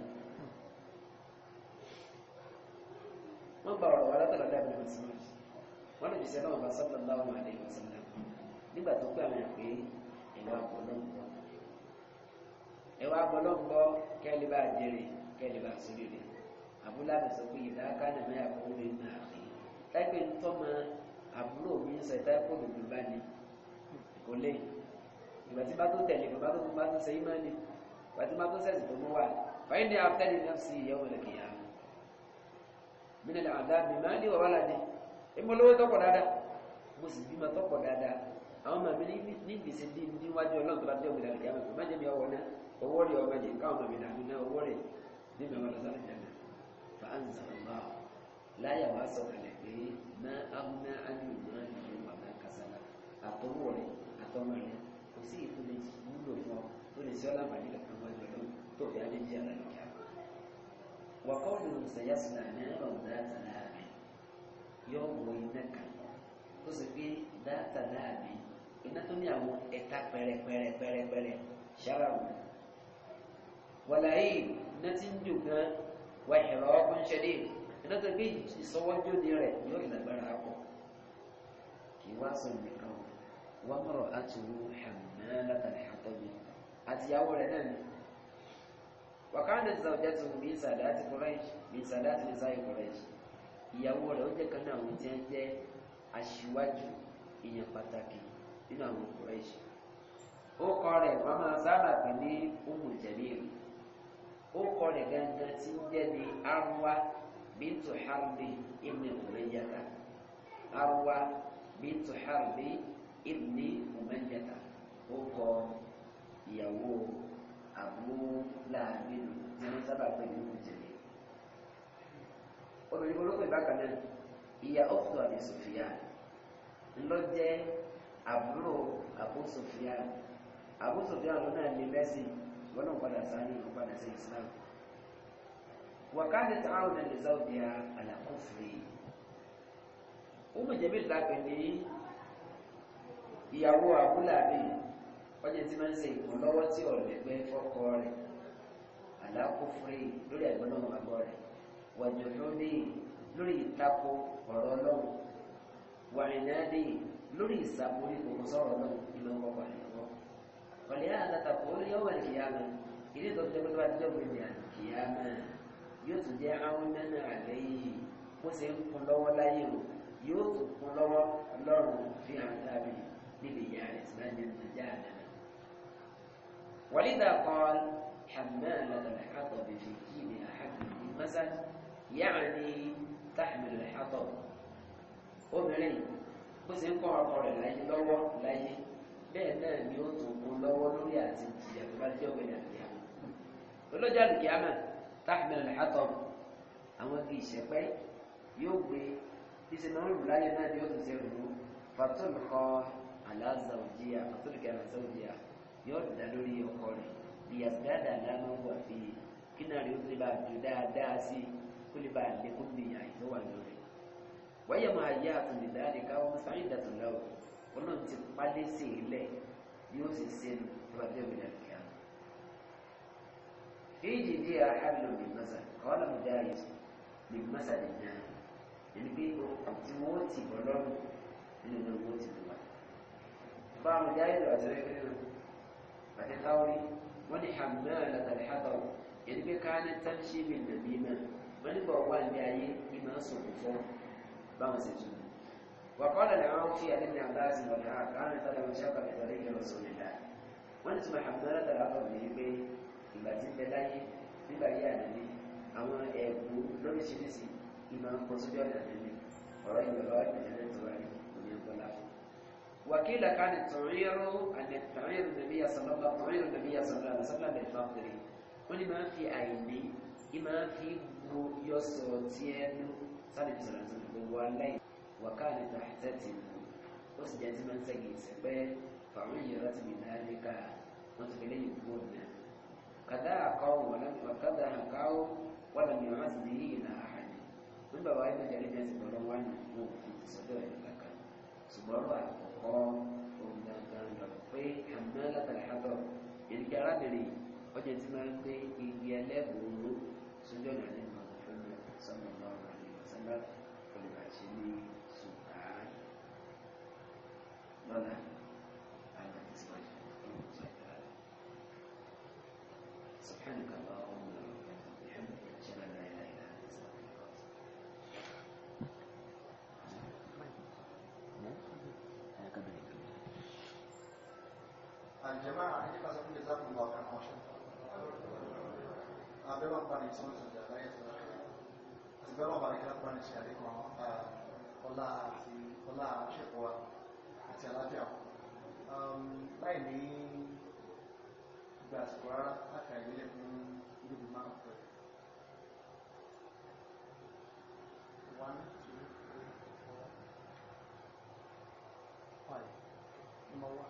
من برر ولا ترى ابن مسعود ونبي صلى الله عليه وسلم nígbà tó pé àwọn èèyàn pé ẹ̀wà bọ̀lọ́gbọ́ ẹ̀wà bọ̀lọ́gbọ́ kẹ́lẹ́ bá jẹrè kẹ́lẹ́ bá sílẹ̀ rẹ̀ àbúlá mi sọ pé ìdá kánà mẹ́ra kó lè nà áfẹ́ táìpé ń tọ́mọ àbúrò mi ń sẹ táìpé òdòdó bá ní kò lè ìgbà tí bá tó tẹ̀lé bá tó bá tó sẹ́yìn máa ní ìgbà tí bá tó sẹ́sì tó mú wà fàyín ní abtẹ́lẹ̀ náà sí ìyẹ́wò lè kìyà mí nílẹ̀ àdá mi máa ní wàhálà ní ìmọ̀lówó tọ́pọ̀ dáadáa mo sì bímọ tọ́pọ̀ dáadáa àwọn ọmọ mi ní gbèsè bí níwájú ọlọ́run tó bá dé òmìnira rẹ̀ yàtọ̀ má jẹ́ mi ọwọ́ náà owó rẹ̀ ọmọ yẹn káwọn ọmọ mi náà ní owó rẹ̀ ní bẹ̀rẹ̀ lọ sáré jẹ́ náà fa anzalama láyà wá sọ̀kalẹ̀ pé má amúná ánì ìmọ̀ nìyẹn wà má kásálà àtọwọ́ rẹ̀ àtọmọ rẹ̀ kò sí ìfúnni wúlò fún ọ tó lè sí ọlànàmọ́ni kankan wájú ذات لهب يوم وينك ذات لهب iná tó ní àwọn ẹ̀ka pẹ̀rẹ̀pẹ̀rẹ̀ pẹ̀rẹ̀pẹ̀rẹ̀ ṣára wù. wàlàyé iná tí ń jò gan wà ẹ̀rọ ọkùn ṣẹlẹ̀ iná tó gbé ìsọwọ́jọ́ ní rẹ̀ yóò lágbára pọ̀ kì í wá sọ nìkan wọ́n mọ̀rọ̀ àtúrú hàmà látàlẹ̀ àtọ́jú àtìyàwó rẹ̀ náà ni wàkàndé zàwùjẹ́tù mi sàdáàtì kọ́rẹ́jì mi sàdáàtì ní sáyé kọ́rẹ́jì ìyàwó rẹ̀ ó jẹ́ kan náà wọ́n ti ń jẹ́ aṣíwájú èèyàn pàtàkì nínú àwọn kùrẹ́ṣì ó kọ rẹ̀ wọ́n máa sábà pè ní umu jẹ̀lẹ́lì ó kọ rẹ̀ gangan tí ń jẹ́ ní arwa bintu harbi ibn umayyata arwa bintu harbi ibn umayyata ó kọ ìyàwó àbúrò láàbínú tí wọ́n sábà pè ní umu jẹ̀lẹ́lì obìnrin olóko ìbákan ìyá ọ̀fọ̀ àbí sùfìyà ńlọ jẹ́ àbúrò àbúsòfíà àbúsòfíà ló náà lè mẹ́sì wọn náà padà sáyé ló padà sí islam wàkàtí táwọn náà lè sáwọ́bíà àlàkùnfìrí ọmọ jẹ́bí lápẹ̀ ní ìyàwó àbúlàbí ọjọ́ tí máa ń ṣe ìkúnlọ́wọ́ tí ọ̀lẹ́gbẹ́ fọ́kọ rẹ̀ àlàkùnfìrí lórí àgbọ̀nà àgbọ̀ rẹ̀ wàjọ̀fún ní lórí ìtako ọ̀rọ̀ ọlọ́run wàrìnàdì لوني سابوني كوزار لون بابا هو تقول يوم القيامة إذا تقول يوم القيامة يوتو جاي عاون أنا علي وسيم كلوا لا يو يوتو كلوا لون في عتابي نبي يعني سبحان الله ولذا قال حمالة الحطب في كيم أحد المسد يعني تحمل الحطب قبلين bó ṣe ń kọ́ ọkọ rẹ̀ láyé lọ́wọ́ láyé bẹ́ẹ̀ náà ni ó tó kó lọ́wọ́ lórí àti ìyà tó bá jẹ́ ọ̀gbìn àlùkìyàmà olójà àlùkìyàmà táàmì àlùhàtọ̀ àwọn igi ìṣẹ́pẹ́ yóò gbé ìṣe máa ń rù láyé náà ni ó tó ṣe rù fatul kọ́ aláàzà òjìyà fatul kẹ́ aláàzà òjìyà yóò dá lórí ọkọ rẹ̀ ìyà sídáàdà lánà wà fi kí náà rí ó tó bá a ju dáadáa sí kó lè wáyà máa yá àtúndìlá àdìká wọn sáyìndà tó lọ wọn náà ti pálé sí ilẹ̀ yóò sì ṣe nu lọ́jọ́ ìrìnà kíá. kéèjì dí àhálò mi mọ́sà kọ́ ló ń dá yìí mi mọ́sà lè yá ẹni pé okùn tí wọ́n ti bọ̀ lọ́rùn nínú ní owó ti wà. bá a dá yìí lọ́wọ́ sọ́rọ́ ìpínlẹ̀ náà bàtẹ́ káwọ́rí wọ́n ní hàmúlẹ́ àlàtàlẹ́ hàtọ̀ ẹni pé káwọn ní tàbí ṣe bí nàbí náà wọ́n bọ̀ wà ní ayé ìmọ̀ sọ̀rọ̀ fọ́ọ̀rọ̀ báwọn sì tún وقال العوفي عن ابن عباس والحاق كان طلب شقة بطريق رسول الله wọ́n ti máa hàmúlá tàbátọ̀ ní pé ìgbà tí ń bẹ láyé nígbà yí ànábì àwọn ẹ̀kú lóríṣiríṣi ìmọ̀ nǹkan sójú ọ̀nà ànábì ọ̀rọ̀ ìgbàlọ́ ìpínlẹ̀ tó wà ní omi ọgbọ́lá. wàkìlà kan tọ̀rírù àti tọ̀rírù nàbí yasọ̀lọ́gbà tọ̀rírù nàbí yasọ̀lọ́gbà lọ́sọ̀lá bẹ̀ fàkìrì wọ́n ní máa ń fi àìní ìmáa fi gbó yọ̀sọ̀ tiẹ̀ nù sáà níbi sọ̀rọ̀ àti gbogbo aláì wàká ní tàhítẹ́tì mú ó sì jẹ́ tí máa ń sẹ́gi ìsẹ̀pẹ́ fàwọn ìyọ̀rọ̀ ti mi náà ní ká wọ́n ti fi lẹ́yìn kúrò náà kàdá àkọ́wò wàkàdá àkọ́wò wọ́n lọ mìíràn ti ní ìlà àhàní nígbà wà ní ìjẹ́lẹ́ bí wọ́n ti gbọ́dọ̀ wá nù wọn ò fi sọ́dọ̀ ẹ̀ kàkà ṣùgbọ́n àkọ́kọ́ òun dandan lọ pé àmọ́ látàlẹ́hàdọ̀ ìrìkì arábìnrin และปฏิบัติชินี้สุดท้ายนั่นแหละ One, two, three, four, five. Number one.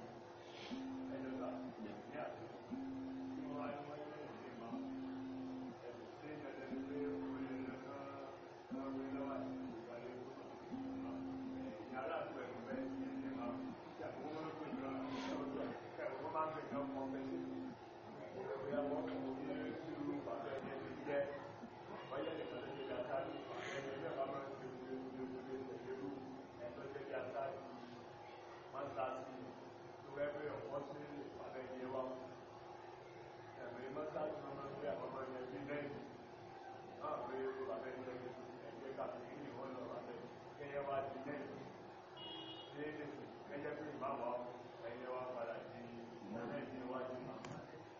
ẹjẹ́ pé ìmáàmù ẹ̀yẹ wá padà di ọ̀rẹ́ ní iwájú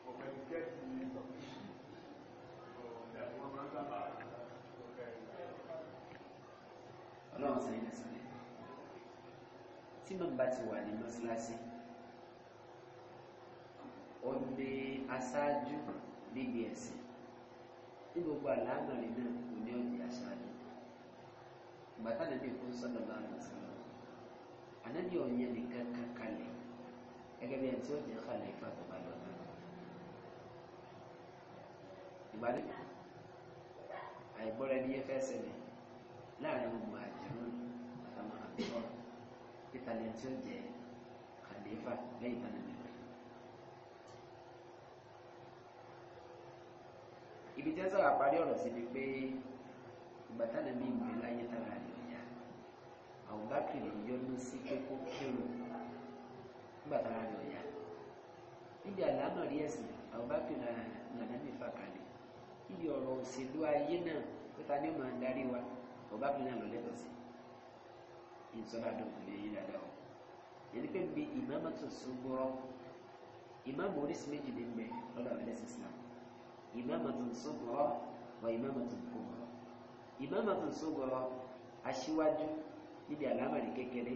ọ̀pẹ́ jẹ́ ti ẹ̀kọ́ máa ń sábà ọlọ́run sẹ́yìn lẹ́sẹ̀lẹ̀ tí mọ̀ bá ti wà ní mọ́síláṣí ó ní bàtà nàbí fún sọ́dọ̀ bá mi sí ànábì ọ̀yẹ́ nìkan kankanlẹ̀ gẹ́gẹ́ bí ẹni tí ó jẹ́ kàlẹ́ ìfà tó bá lọ náà ìgbàlẹ̀ àìgbọ́ra ẹni yẹn fẹ́ ṣẹlẹ̀ láàrin gbogbo àjẹmọ́ àtàwọn àbúrò peter lẹ́yìn tí ó jẹ́ kàlẹ́ ìfà lẹ́yìn bá nàbí ibi tí wọ́n sọ̀rọ̀ àparí ọ̀rọ̀ sí ni pé ìgbà táwọn bí ìgbé láyé tára rẹ̀ yá àwùbákìrì yọnu sí kókó kírun nígbà tára rẹ̀ yá níbi àlámọ̀ rí ẹ̀sìn àwùbákìrì nàdánì fàkàlẹ̀ níbi ọ̀rọ̀ òṣèlú ayé náà pé ta ni ó máa darí wa àwùbákìrì náà lọ lẹ́tọ̀ọ́ sí ìsọ́nà àdókòlè yìí dáadáa o yẹni pé bi ìmáàmù tó sùgbọ́rọ̀ ìmáàmù oríṣi méjì ní mbẹ lọ́dọ̀ àwọn ẹlẹ́sìn Islam ìmáàmù tó sùgbọ́rọ̀ wà ìmáàmù tó kúrò ìmáàmù tó sọ̀rọ̀ aṣíwájú níbi àlámàrí kékeré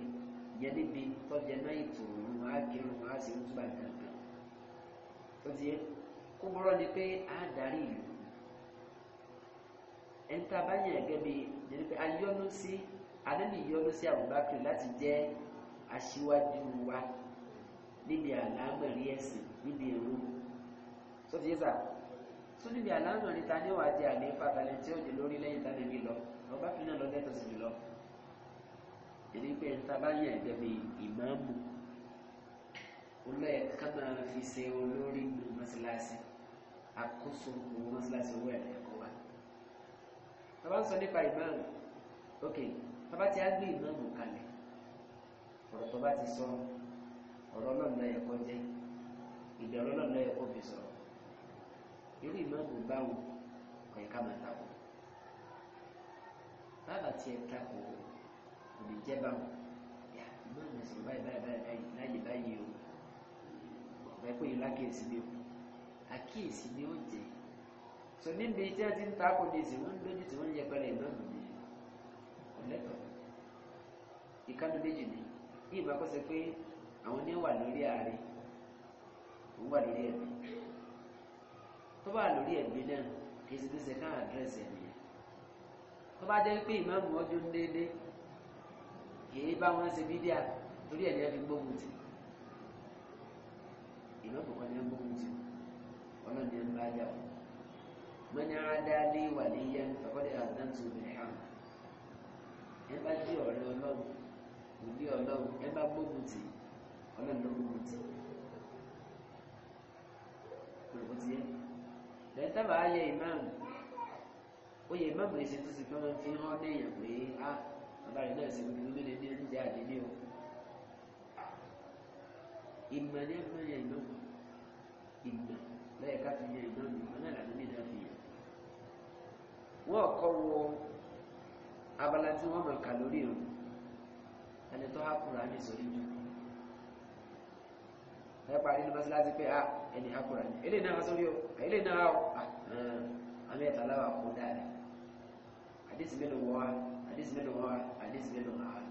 yẹn níbi tọ́jà náà ètò òun á kírun á sì ń gbà kankan tó ti yẹ kó bọ́rọ̀ ni pé á darí ìlú ẹ̀ńtà bá yàn gẹ́gẹ́ bí jẹ́ni pé ayọ́nú sí alẹ́lẹ́ ìyọ́nú sí Abubakar láti jẹ́ aṣíwájú wa níbi àlámàrí ẹ̀sìn níbi ìrun tó ti yẹ sáà tó níbi àlànà níta ní wàá di àlééfà balẹ̀ tí ó di lórí lẹ́yìn tá níbi lọ ọba fi náà lọ dẹ́tọ̀ sí jùlọ. èdè pé ń ta bá yẹ ẹ̀gẹ́ bí ìmáàmù olóyè ká fi ṣe olórí mọ́sálásí àkóso mọ́sálásí owó ẹ̀kọ́ wa. bàbá ń sọ nípa ìmáàmù ok bàbá ti á gbé ìmáàmù kalẹ̀ ọ̀rọ̀ tó bá ti sọ ọ̀rọ̀ ọlọ́run náà jẹ́ ìdí ọ̀rọ̀ ọlọ́run náà fi sọ̀rọ̀ irú ìmáàmù báwọn kò yẹ ká máa takò bàbá tiẹ̀ takò kò ní jẹ́ báwọn yà ìmáàmù sì báyìí báyìí báyìí láyè báyìí o ọ̀bẹ pé lákèésí ni o àkíyèsí ni ó jẹ sọ níbi tí a ti ń takò ní ìsìn wọn lójú tí wọn yẹ pẹ̀lẹ́ ìmáàmù ni kò lẹ́tọ̀ọ́ ìkádùn méjì ni bí ìbá kọ́ pé àwọn ní lórí ààrẹ òun wà lórí ẹ̀mí tó bá lórí ẹ̀gbẹ́ náà kì í ṣe tó ṣe ká àdírẹ́sì ẹ̀ nìyẹn tó bá jẹ́ pé ìmáàmù ọdún déédé kì í bá wọn ṣe bídíà torí ẹ̀ ní ẹ̀ fi gbógun tì ìmáàmù kan ní ẹ̀ gbógun tì ọlọ́run ní ẹ̀ ń bá jà wọ́n mọ́nyá adáadé wà ní yẹn fẹ́kọ́dẹ̀ àdáǹtì obìnrin hàn ẹ bá jí ọ̀rẹ́ ọlọ́run òbí ọlọ́run ẹ bá gbógun tì ọlọ́run ló gbógun tì olùkọ́ ti yẹn lẹ́yìn tábà ayẹ ìmáàmù ó yẹ ìmáàmù èsì tó sì fẹ́ wọn fi hàn déèyàn pé á ah, bàbá rẹ̀ náà sì ń dúró lé ní oúnjẹ àdébí o ìmọ̀ ní ẹgbẹ́ yẹn ìmáàmù ìmọ̀ lẹ́yìn ká fi yẹ ìmáàmù ìmọ̀ náà làdúgbò náà fi yẹ wọ́n kọ́ wọ abala tí wọ́n mọ̀ kàlórí o ẹni tó hákùnrin àmì sórí jù ẹ parí ní mọ́sálásí pé á. Ah, ẹni akura ilé náà sórí o ilé náà o àmì ẹ̀ta láwà kó dáadáa àdísì mélòó wọ́n wá àdísì mélòó wọ́n wá àdísì mélòó wọ́n wá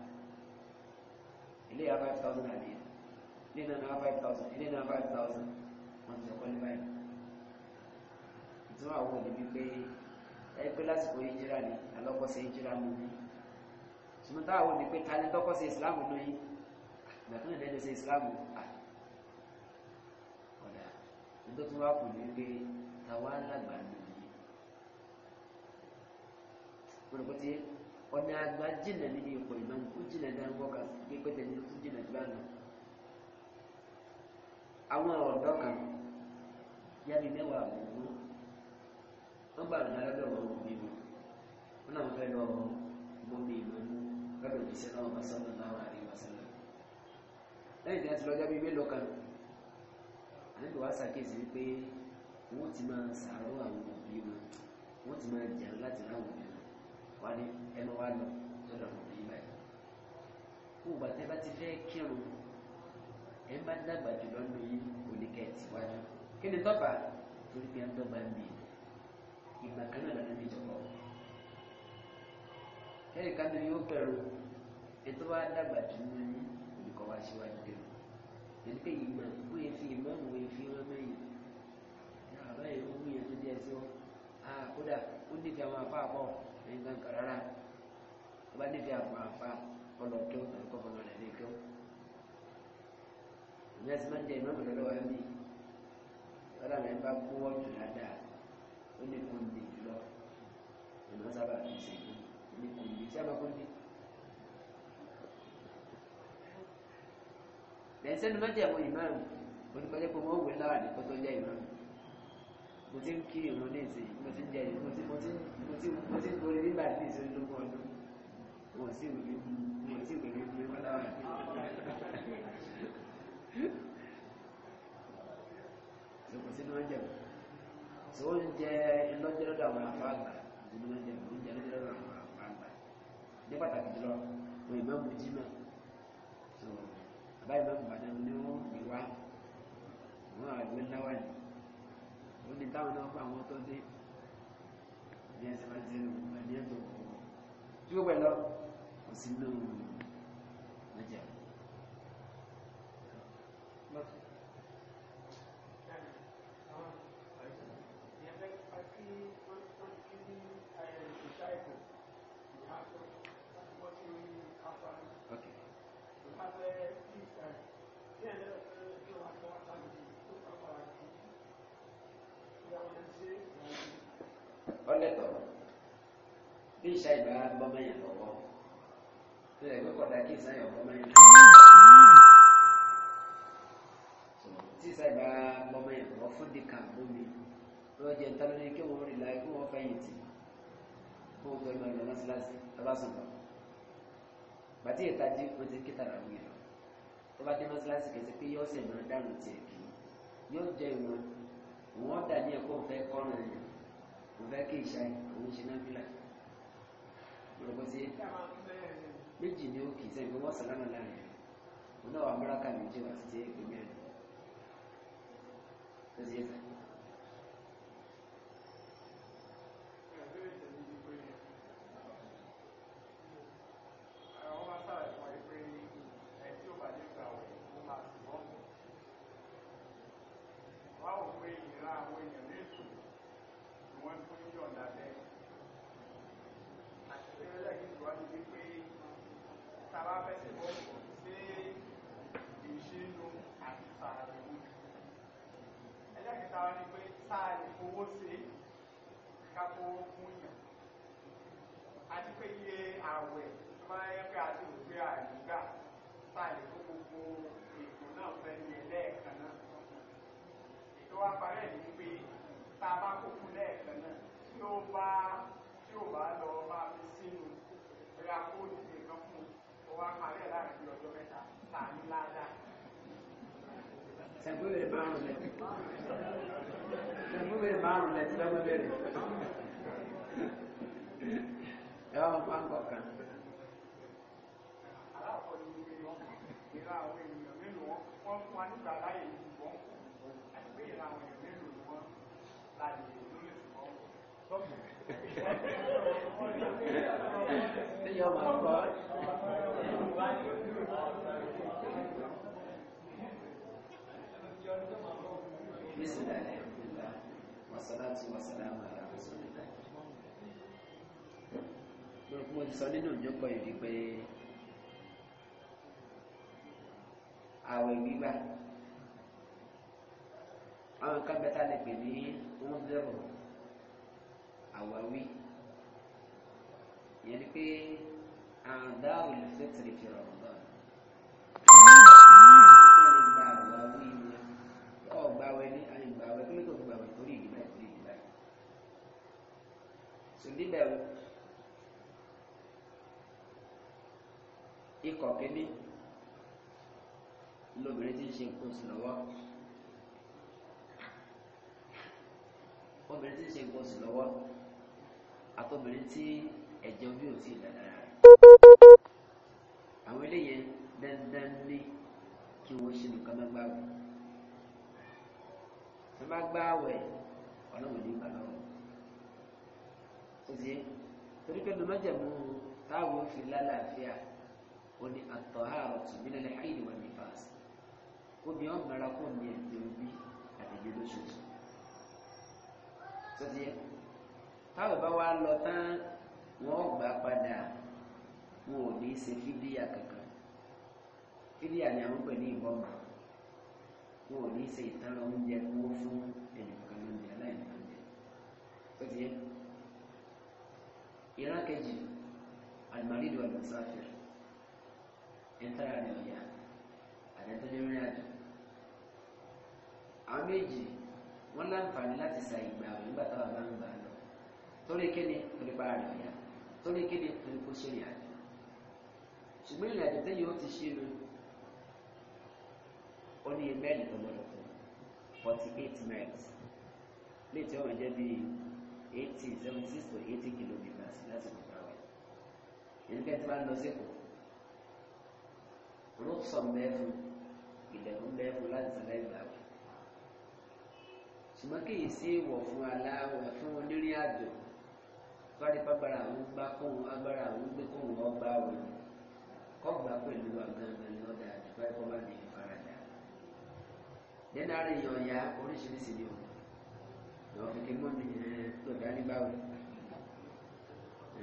ilé yà five thousand àdé ilé náà náà five thousand ilé náà five thousand wọ́n ti sọ̀kọ́ ní báyìí ìtumọ̀ àwọn òbí pé ẹ pé lásìkò ìjìrà ni alọ́kọ̀ọ́sẹ̀ ìjìrà mú mi ṣùgbọ́n táwọn òbí pé ta ni tọ́kọ̀ọ́sẹ̀ ìsìlámù lóyún ìgbà tó ń dẹ́nu sí ìsìlámù tó tún wá kù ní pé tàwa lágbà nìyí pòròpótí ọ̀nà àgbà jìnà níbi ipò ìmọ̀ ó jìnà dáńgọ́ kan sí pé tẹ̀lé tó jìnà jù lánà àwọn ọ̀dọ́ kan yábi mẹ́wàá àbúrú wọ́n gbà lọ́nà lọ́dọ̀ wọn kò bímọ wọn náà fẹ́ lọ mọ́ mi ìmọ̀ lọ́dọ̀ ìṣẹ́ náà sọ́nà náà àríwá sọ́nà lẹ́yìn tí wọ́n ti lọ́jọ́ bíi mélòó kan àdébò wa ṣàkíyèsí wípé wọ́n ti máa ṣàárọ̀ àwọn òbí wọn wọ́n ti máa jẹun láti ráwọn òbí wọn wá ní ẹnu wá lọ lọ́dọ̀ àwọn òbí báyìí kó o bá tẹ́ bá ti fẹ́ kírun ẹ bá dàgbà jùlọ nù yí oníkẹ́ tìwájú kí ni dọ́gba torí pé ẹ ń dọ́gba ń bì ìgbà kan náà lọ́dún ìjọba ẹ̀ẹ́dẹ̀ká ni yóò bẹ̀rù ètò wa dàgbà jùlọ ní olùkọ́ wa dé lọ ẹni pé ìmọ̀ ó yẹ fi ìmọ̀ òun yẹ fi wọn mẹ́yìn náà báyìí ó wúyẹ tó díẹ̀ sí wọn á kódà ó nífẹ̀ẹ́ àwọn afá àpọ̀ ẹ̀yìn kankan rárá ó bá nífẹ̀ẹ́ àwọn afá ọlọ́kẹ́ ọ̀kọ́ fọmọ rẹ̀ ní kẹ́ ìmọ̀ ẹ̀sìn máa ń jẹ ìmọ̀ lọ́wọ́ ẹ̀mí ọ̀dà rẹ̀ bá kó wọ́n dáadáa ó ní kó ń di ìmọ̀ sábà fi ṣe bẹ́ẹ̀ sẹ́nu mẹ́jẹ̀mú ìmáàmù onípẹ́jẹ́ pé wọ́n wé lára ní kótó jẹ́ ìmáàmù mo ti ń kí ìrún ní ìsìn mo ti ń jẹ ìrún mo ti mo ti mo ti mo ti borí nígbà tí ìsìn lógún ọdún mo sì wí mo sì wí wí wí lára ní. sọ̀kò sínú oúnjẹ mi sọ oúnjẹ lọ́jọ́ lọ́dọ̀ àwọn afáàgbà sínú oúnjẹ mi oúnjẹ lọ́jọ́ lọ́dọ̀ àwọn afáàgbà ní pàtàkì jùlọ mo ìmọ̀ báyìí máa ń bàdá ní wọ́n fi wá wọ́n àgbẹ̀ láwà ní ó ní táwọn náà fún àwọn tó dé ní ẹsẹ̀ bá ti rìn wọ́n ní ẹ̀tọ́ tí ó pẹ̀lọ́ kò sí náà mẹ́jẹ̀ ìbára ń bọ́ mẹ́yìn àkọ́kọ́ tó yẹ kó dá kí ìsáyẹ̀ ọ̀bọ́ mẹ́yìn tí ìsáyẹ̀ ìbára ń bọ́ mẹ́yìn àkọ́kọ́ fún dìkà bómi lọ́wọ́ jẹ́ ntánú ní kí wọ́n rí láyé kí wọ́n fẹ́yìn tì kó wọ́n gbẹ́mọ̀ lọ lọ́sílásí abásùnbọ̀ bàtí ìtají wọ́n ti kíta rà wíyà tó bá dé lọ́sílásí kẹsì pé yóò sì máa dànù tiẹ̀ kí yóò jẹ́ ìwọ̀n wọ́n dà ní ẹ̀kọ́ òfẹ́ kọ́rin òfẹ́ kí ìṣá òun ṣe náà fílà olùkọ́sí méjì ní òkè sẹ́yìn pé wọ́n sàlámà láàrin òun náà wà búrákà méjì wà sí ẹgbẹ́ mẹ́rin lọ́sí ẹ̀sán salati wa salamu ala rasulillah lórí fún ọdún sọ nínú ìjọpọ̀ ìrí pé àwẹ̀ gbígbà àwọn kan bẹ́ta lè pè ní wọ́n zẹ́rọ̀ àwáwí ìyẹn ni pé àdáwò lè fẹ́ tìrìkì rọ̀rùn náà sì níbẹ̀ wò ikọ̀ kínní lóbìnrin tí ń ṣe nǹkan oṣù lọ́wọ́ obìnrin tí ń ṣe nǹkan oṣù lọ́wọ́ àtọ́bìnrin tí ẹ̀jẹ̀ ojú ò tí ì dàda rẹ̀ àwọn eléyẹn dandan ní kí wọ́n ṣe nǹkan náà gbáwẹ̀ tí wọ́n ọlọ́run ní ìgbà ṣèṣe torí pé ní májàmú táwọn ò fi lálàáfíà ó ní àtọ̀hárọ̀ tìmílẹ̀ àìní wà ní fàásì omi ọ̀ mara kó ní ẹ̀jẹ̀ omi àtẹ̀jẹ̀ lóṣooṣù ṣèṣe táwọn bá wá lọ tán wọn gbà padà wọn ò ní í ṣe fídíà kankan fídíà ni àwọn pè ní ìbọn màá wọn ò ní ṣe ìtara oúnjẹ kúrò fún ẹnìkan lóúnjẹ aláìní oúnjẹ tó yẹ ìran kejì alimaridu alimusafir ẹntara ni ọjà àtẹtọjọ rìn àjò àwọn méjì wọn láǹfààní láti sa ìgbà àwọn nígbà táwọn bá ń gbà lọ torí kíni torí pa àrùn ọjà torí kíni torí kó ṣe ìrìn àjò ṣùgbọ́n ìrìn àjò tẹ́yìn ó ti ṣe lu ó ní ẹgbẹ́ tó gbọdọ̀ tó forty eight miles léètì ọ̀rọ̀ jẹ́ bíi eighty seventy six to eighty kilometres sí láti kò fún àwẹ̀ ẹnikẹ́ni tí wọ́n lọ sí kò rúkṣọ̀ mẹ́fù ìdẹ̀kùn mẹ́fù láti sílẹ̀ ìgbà wẹ̀ ṣùgbọ́n kéyìí sí ìwọ̀ fún aláwọ̀ fún onírìn àjò fárí pàbàrà àwọn gbá kóhun agbára àwọn gbé kóhun ọgbà wọn kọgbà pẹ̀lú àgbàgbà ni ọ̀dà àdìpá ẹ̀kọ́ má lè faradà dẹ́nà rẹ̀ oríṣiríṣi ni o lọ́ọ́ fi kí mọ́mí ẹ̀ pẹ̀lú àdìgbà wọn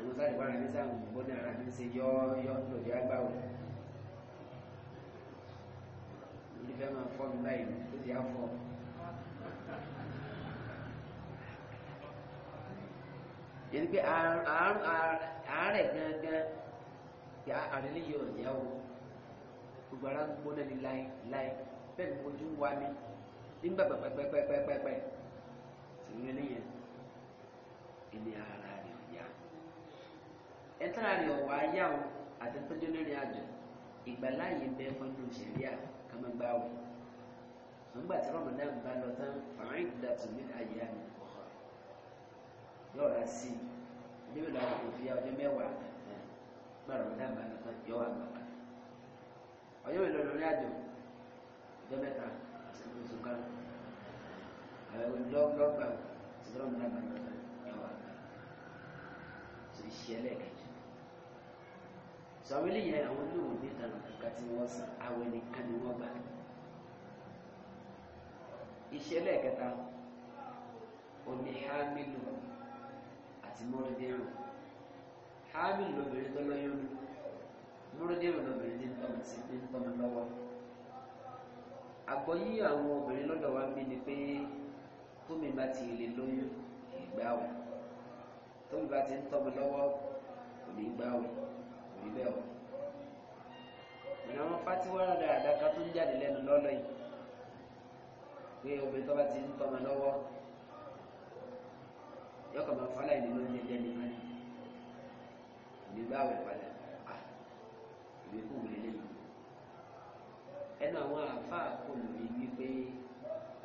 ìrún táyì bára ní sáà òyìnbó ní ara ní ṣe yọ yọ lòdì agbáwò lórí fẹ́ máa fọ́ mi báyìí tó ti á fọ́ yẹn pé àárẹ̀ gangan yà àrẹ́lẹ́ yóò yẹ o gbogbo ara ń gbóná ní láì láì bẹ́ẹ̀ ni ojú ń wá mi nígbà pẹ́pẹ́pẹ́pẹ́pẹ́pẹ́ sì ń rí nìyẹn. ẹtara ni ọwọ ayá o àti tọjú lórí àjọ ìgbàláyè bẹ fọnú sẹríà kàmágbáwò nígbà tí Ramadan bá lọ tán fàáyìn dàtú ní ayé àmì ọkọ yóò rà sí i níbi làwọn kò fi ọjọ́ mẹ́wàá gbà Ramadan bá lọ tán yóò wà gbàgbà ọjọ́ ìlú lórí àjọ ọjọ́ mẹ́ta oṣù kan àwọn olùdókòwò ti Ramadan bá lọ tán yóò wà gbàgbà tó ìṣẹ̀lẹ̀ kẹjọ sọ àwọn eléyìí àwọn náà ò ní ìtàn tí wọ́n san àwọn ẹnìkan ni wọ́n bá ìṣẹ̀lẹ̀ kẹta omi hamilu àti mọ́rẹ́dẹ́rù hamilu lóbìnrin tó lóyún mọ́rẹ́dẹ́rù lóbìnrin tí ń tọ́mọ sí ní ń tọ́mọ lọ́wọ́ àgbọ̀ yí àwọn obìnrin lọ́dọ̀ wa ń ni pé tómi bá ti lè lóyún ìgbà wẹ̀ tómi bá ti ń tọ́mọ lọ́wọ́ kò ní gbà wẹ̀ ìbẹ̀ ọ̀ ìnáwó fátíwárà dáadáa ká tó ń jáde lẹ́nu lọ́lọ́ yìí pé obìnrin tó bá ti ń tọ́mọ lọ́wọ́ yọkọ̀ máa fọ́lá ìdí ló ń jẹjẹ nìkan ni ìdí bá wẹ̀ padà ìwé kò wẹ̀ lẹ́yìn ẹnu àwọn àáfàá kò lórí wípé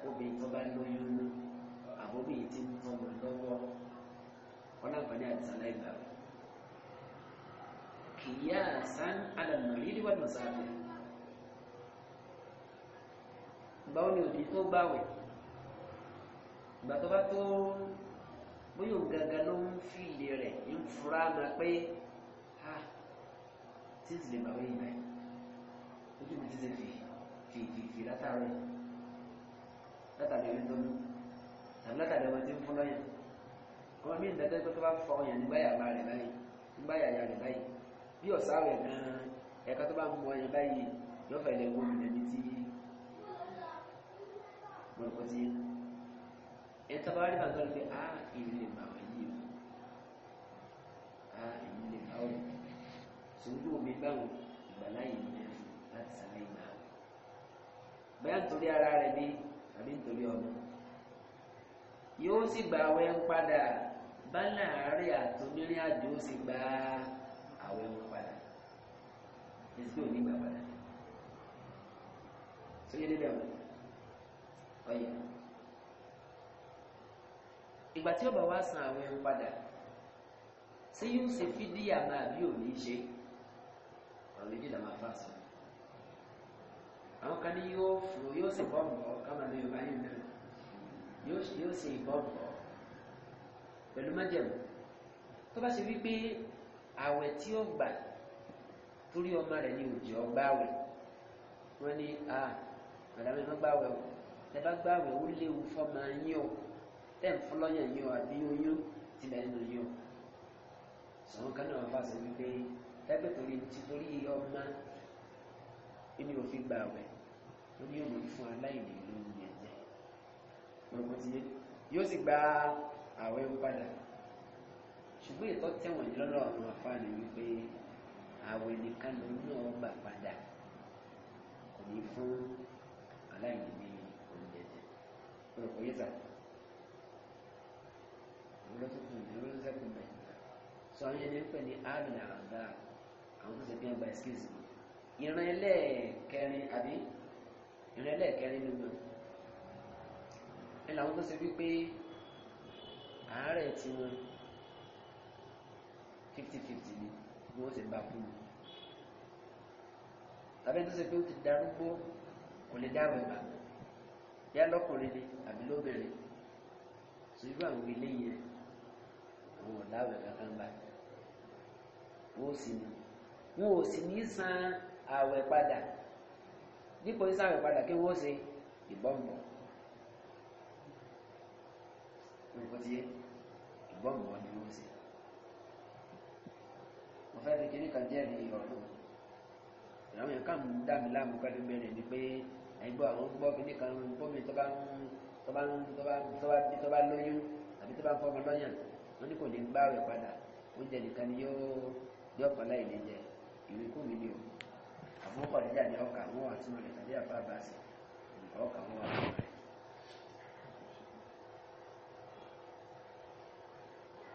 obìnrin tó bá lóyún àbóbìnrin ti ń tọ́mọ lọ́wọ́ wọn láǹfààní àti sàlẹ̀ ìgbà rẹ̀ qiyasan ala al-marid wal musafir báwo ni òdì tó báwẹ̀ ìgbà tó bá tó bóyá ògàgà ló ń fi ìdè rẹ̀ ń fura ma pé ha tí ì lè bàwẹ̀ yìí ojú mi ti ṣe fi kìkìkì látàrí látàrí ẹni tó mú tàbí látàrí ọmọ tí ń fún lọ́yàn ọmọ mi ń dẹ́gbẹ́ pé tó bá fọ ọyàn nígbà yàrá rẹ̀ báyìí nígbà yàrá rẹ̀ báyìí tí ọ̀sá rẹ̀ náà ẹ̀ka tó bá ń mọ ẹyẹ báyìí yóò fẹ́ lè wọ́n mi tí mo rò kọtí ẹ̀ tó bá rí bàtọ́ lé a èmi lè mà wọ́n yìí a èmi lè mà wọ́n sùúrù mi báwọn ìgbàláyè mi náà láti sáré ìgbà wọn bóyá nítorí ara rẹ̀ ni àbí nítorí ọmọ yóò sì gbà wẹ́ ń padà bá láàárín àtúnírìn sì gbà á àwọn ẹni padà èsì ò ní gbà padà sóyè dídà wò ọyẹ ìgbà tí ọba wa san àwọn ẹni padà ṣé yóò ṣe fídíà máa bí ò ní ṣe ọ̀rọ̀ méjì làwọn afa sọ àwọn kan ní yóò fún yóò ṣe bọ́ọ̀mù ọ̀ káwọn ọmọ yorùbá yìí náà yóò ṣe ìbọ̀mù ọ̀ pẹ̀lú májẹ̀mú tó bá ṣe wípé àwẹ̀ tí ó gbà torí ọmọ rẹ̀ ní òjì ọgbàwẹ̀ wọ́n ní à màdàmí má gbàwẹ̀ o tẹ bá gbàwẹ̀ ó léwu fọ́mọ yín o tẹ̀ ń fọlọ́yàn yín o àbí oyún tilẹ̀ nínú yín o sọ̀rọ̀ kan náà fà sí wípé tẹ́gbẹ́ torí ti torí ọmọ inú òfin gbàwẹ̀ ó ní òmùí fún aláìní lóyún ẹ̀jẹ̀ yóò sì gba àwẹ̀ padà ṣùgbọ́n ìtọ́ tẹ̀wọ̀n ní lọ́dọ̀ àwọn afáàní wípé àwẹ̀ nìkan ló ní ọ̀ gbà padà kò ní fún aláìní ní oúnjẹ jẹ kò yẹ sà àwọn ní ọlọ́sọ̀ bẹ̀ sọ àwọn ẹni pẹ̀ ní àrùn àgbà àwọn tó ṣe bí ọgbà ẹ̀skíìsì ìran ẹlẹ́ẹ̀kẹrin àbí ìran ẹlẹ́ẹ̀kẹrin ló ẹ làwọn tó ṣe wípé àárẹ̀ tiwọn fifty fifty ni bí wọ́n ti bá kú ni tàbí tó ṣe pé ó ti darúgbó kò lè dáhùn ìgbà yá lọ́kùnrin ni àbí lóbìnrin ṣùgbọ́n irú àwọn ilé yẹn wọn ò láwẹ̀ kankan bá wọn ò sì ní wọn ò sì ní san àwẹ̀ padà dípò sísan àwẹ̀ padà kí wọ́n ṣe ìbọ̀m̀bọ̀ olùkọ́ ti yẹ ìbọ̀m̀bọ̀ ni wọ́n ṣe fẹ́ fi kíní kan jẹ́ ní ọ̀rọ̀ àwọn èèyàn kàn ń dá mi láàmú pẹ̀lú mẹ́rin ni pé ẹ̀gbọ́ àwọn gbọ́ kíní kan bómi tó bá ń tó bá lóyún àbí tó bá ń fọmọ lọ́yàn wọ́n ní kò ní gbá rẹ̀ padà oúnjẹ nìkan ni yóò yóò kọ́ láì lè jẹ ìwé kú mi ni o àbúrò kọ̀ níjà ni ọkà wọn wà sínú rẹ̀ tàbí àbá bá sí ọkà wọn wà sínú rẹ̀.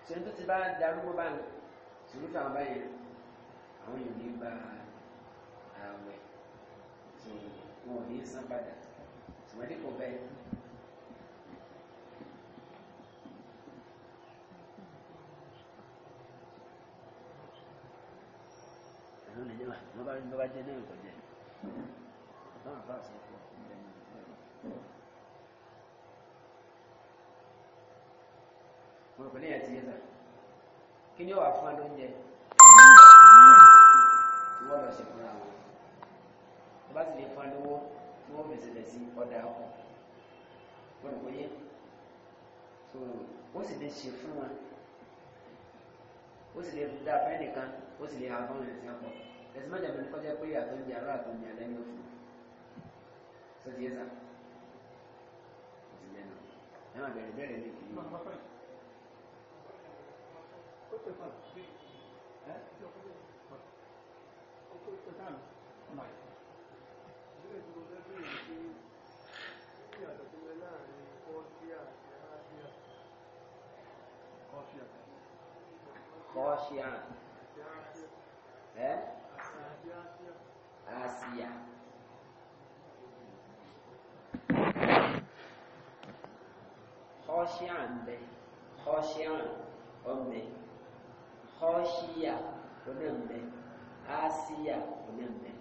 sèǹtù ti bá darúgbó báyìí sùgbọ́n báyìí àwọn èèyàn ní gba ààwẹ̀ tó wọn ò ní san padà ṣùgbọ́n dípò bẹ́ẹ̀. àwọn ènìyàn wà wọ́n bá wọ́n bá jẹ́ náà kò jẹ́ wọ́n àbá sọ fún ọ̀gbìn wọn kò ní ẹ̀ ti yé náà kí ni ó wà fún ọ lóúnjẹ ìwọ lọ ṣe fúnra wọn tó bá sì lè fún ọ lówó tí wọn fèsì lẹ sí ọdà ọkọ olùkóyè tó ó sì lè ṣe fún wọn ó sì lè dá fẹ́ nìkan ó sì lè ha fún ẹ̀sìn ọ̀pọ̀ ẹ̀sìn mọ́jà mi kọjá pé àtọ́ ń jẹ àrọ́ àtọ́ ń jẹ alẹ́ ní òfin sọ ti yẹ sá ó má bẹ̀rẹ̀ bẹ̀rẹ̀ ní kìí. 好香呗，好香，好美。kọ́ṣíyà onáǹbẹ ásíyà onáǹbẹ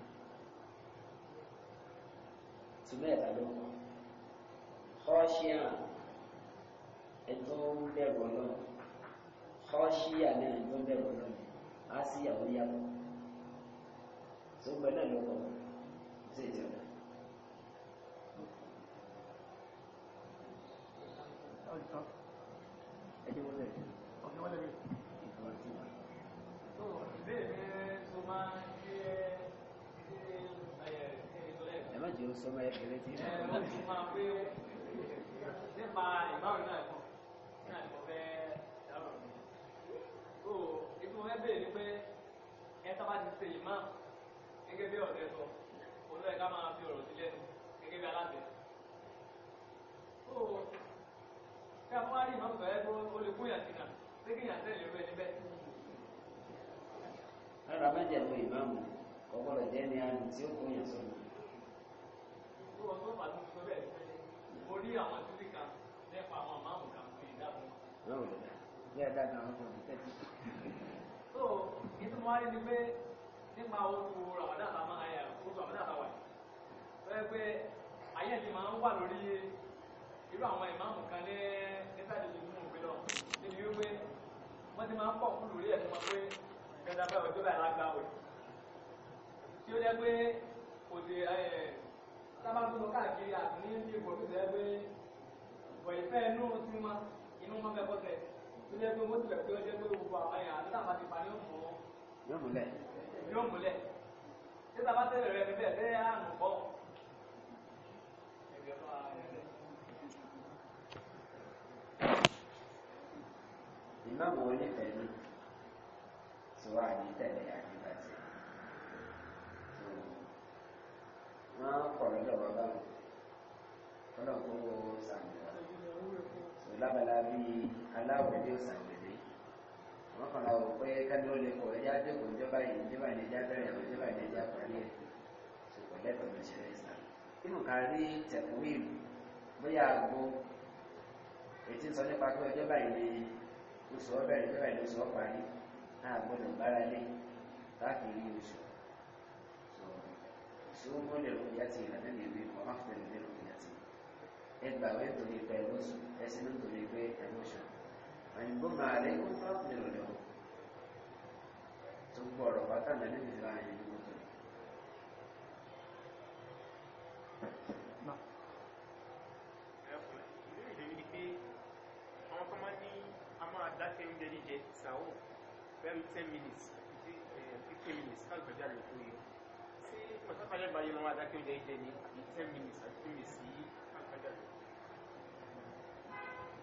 tùmẹ̀ ẹ̀ta ló kọ́ kọ́ṣíyà ẹ̀tọ́ ń bẹ̀rù ọlọ́run kọ́ṣíyà náà ẹ̀tọ́ ń bẹ̀rù ọlọ́run ásíyà ó yàtọ̀ tó gbẹ náà ló kọ́ sí ìjọba. Thank you. ọmọ ẹ̀kẹ́lẹ́ tí ìrìnàjò gẹ́gẹ́ bí ọ̀rẹ́ sọ olú ẹ̀ká máa fi ọ̀rọ̀ sí lẹ́nu gẹ́gẹ́ bí alábẹ̀. ó ṣe àfọwárí ìmọ̀ sọ̀rọ̀ ẹgbẹ́ ó lè kún kí ìyàtẹ̀ lè rẹ̀ níbẹ̀. rárá má jẹ́ ìwé ìmáàmù kọ́kọ́rọ̀ jẹ́ ní àrùn tí ó kún ìyàtọ̀ tó wọn tó sọ bẹ́ẹ̀ mo rí àwọn títí kan nípa àwọn máàmù kan fún ìdáàbò. yóò rẹ̀ bí ẹ̀dá kan mi tẹ́tí. so ìtumọ̀ ayé ni pé nípa oṣù ramadan àtàwọn ayé oṣù ramadan àtàwọn ayé bẹ́ẹ̀ pé ayé ti máa ń wà lórí irú àwọn ìmáàmù kan ní nísàlẹ̀ ìlú mú lọ níbi wípé wọ́n ti máa ń pọ̀ kú lórí ẹ̀ fún wọn pé ìjọba sábà káàkiri àti ní ní ìbò tó sẹ́ pé bọ̀ ìfẹ́ inú sí ma inú ma fẹ́ bọ́tẹ̀ tó jẹ́ pé mọ́tò pẹ̀lú ọjọ́ pé gbogbo àwọn èèyàn àti tàbá ti pa ní òfò yóò múlẹ̀ yóò múlẹ̀ tí tàbá tẹ̀lé rẹ̀ bẹ́ẹ̀ bẹ́ẹ̀ á nù bọ́ ẹgbẹ́ onífẹ̀ẹ́ ní sọ wà ní tẹ̀lé àdìbàtì pọ̀ lọ́dọ̀ bàbá mi ọ̀nà kó sàmìlà sọ lábala bí aláwọ̀ ẹ̀dẹ́ sàmìlẹ̀ wọ́n kàn láwọ̀ pé kánú lè kọ̀ ẹ̀dẹ́ àdékò ìjọba yìí ìjọba yìí ẹ̀dẹ́ àwọn ìjọba yìí ẹ̀dẹ́ àpárí ẹ̀ sọ pọ̀ lẹ́tọ̀ ṣe rẹ̀ sàn. nínú ká rí tẹ̀kùwìm bóyá àgbo ètí sọ nípa pé ìjọba yìí oṣù ọbẹ̀rẹ̀ صوموا لرؤيته النبي يبين وأفضل لرؤيته إدبا ويدري بيروس يسنن دري بي أموشا وإن بما عليكم فأقبلوا له ثم ربطا النبي في العين المطر àwọn kan máa ní a máa dá ten jẹ jíjẹ ṣàwọ bẹ́ẹ̀ ten minutes báyé wọn adáké oúnjẹ ìjẹ ní àbí ten minutes àti two minutes sí àgbàjáde.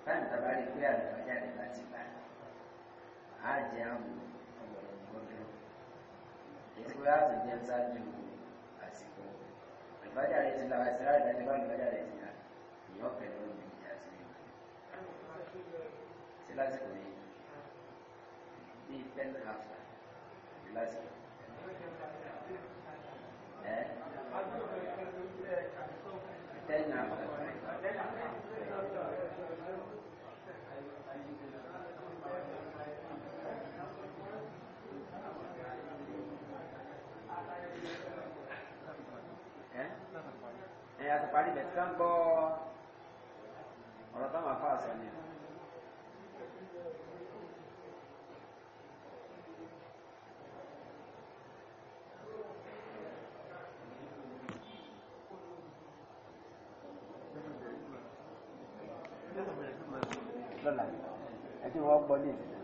táyì tàbá rí pé àgbàjáde bá ti bá a jẹ àmú ọgbọ̀nà gbọ́dọ̀ ètò láti jẹ ṣáájú àsìkò àgbàjáde ti la àti láti dájú bá àgbàjáde ti la ìyọ́ pẹ̀lú omi àti sí lásìkò yìí bíi ten after sí lásìkò. Eh, atau p a r i n g dekat k o Orang tahu apa asalnya. Gracias.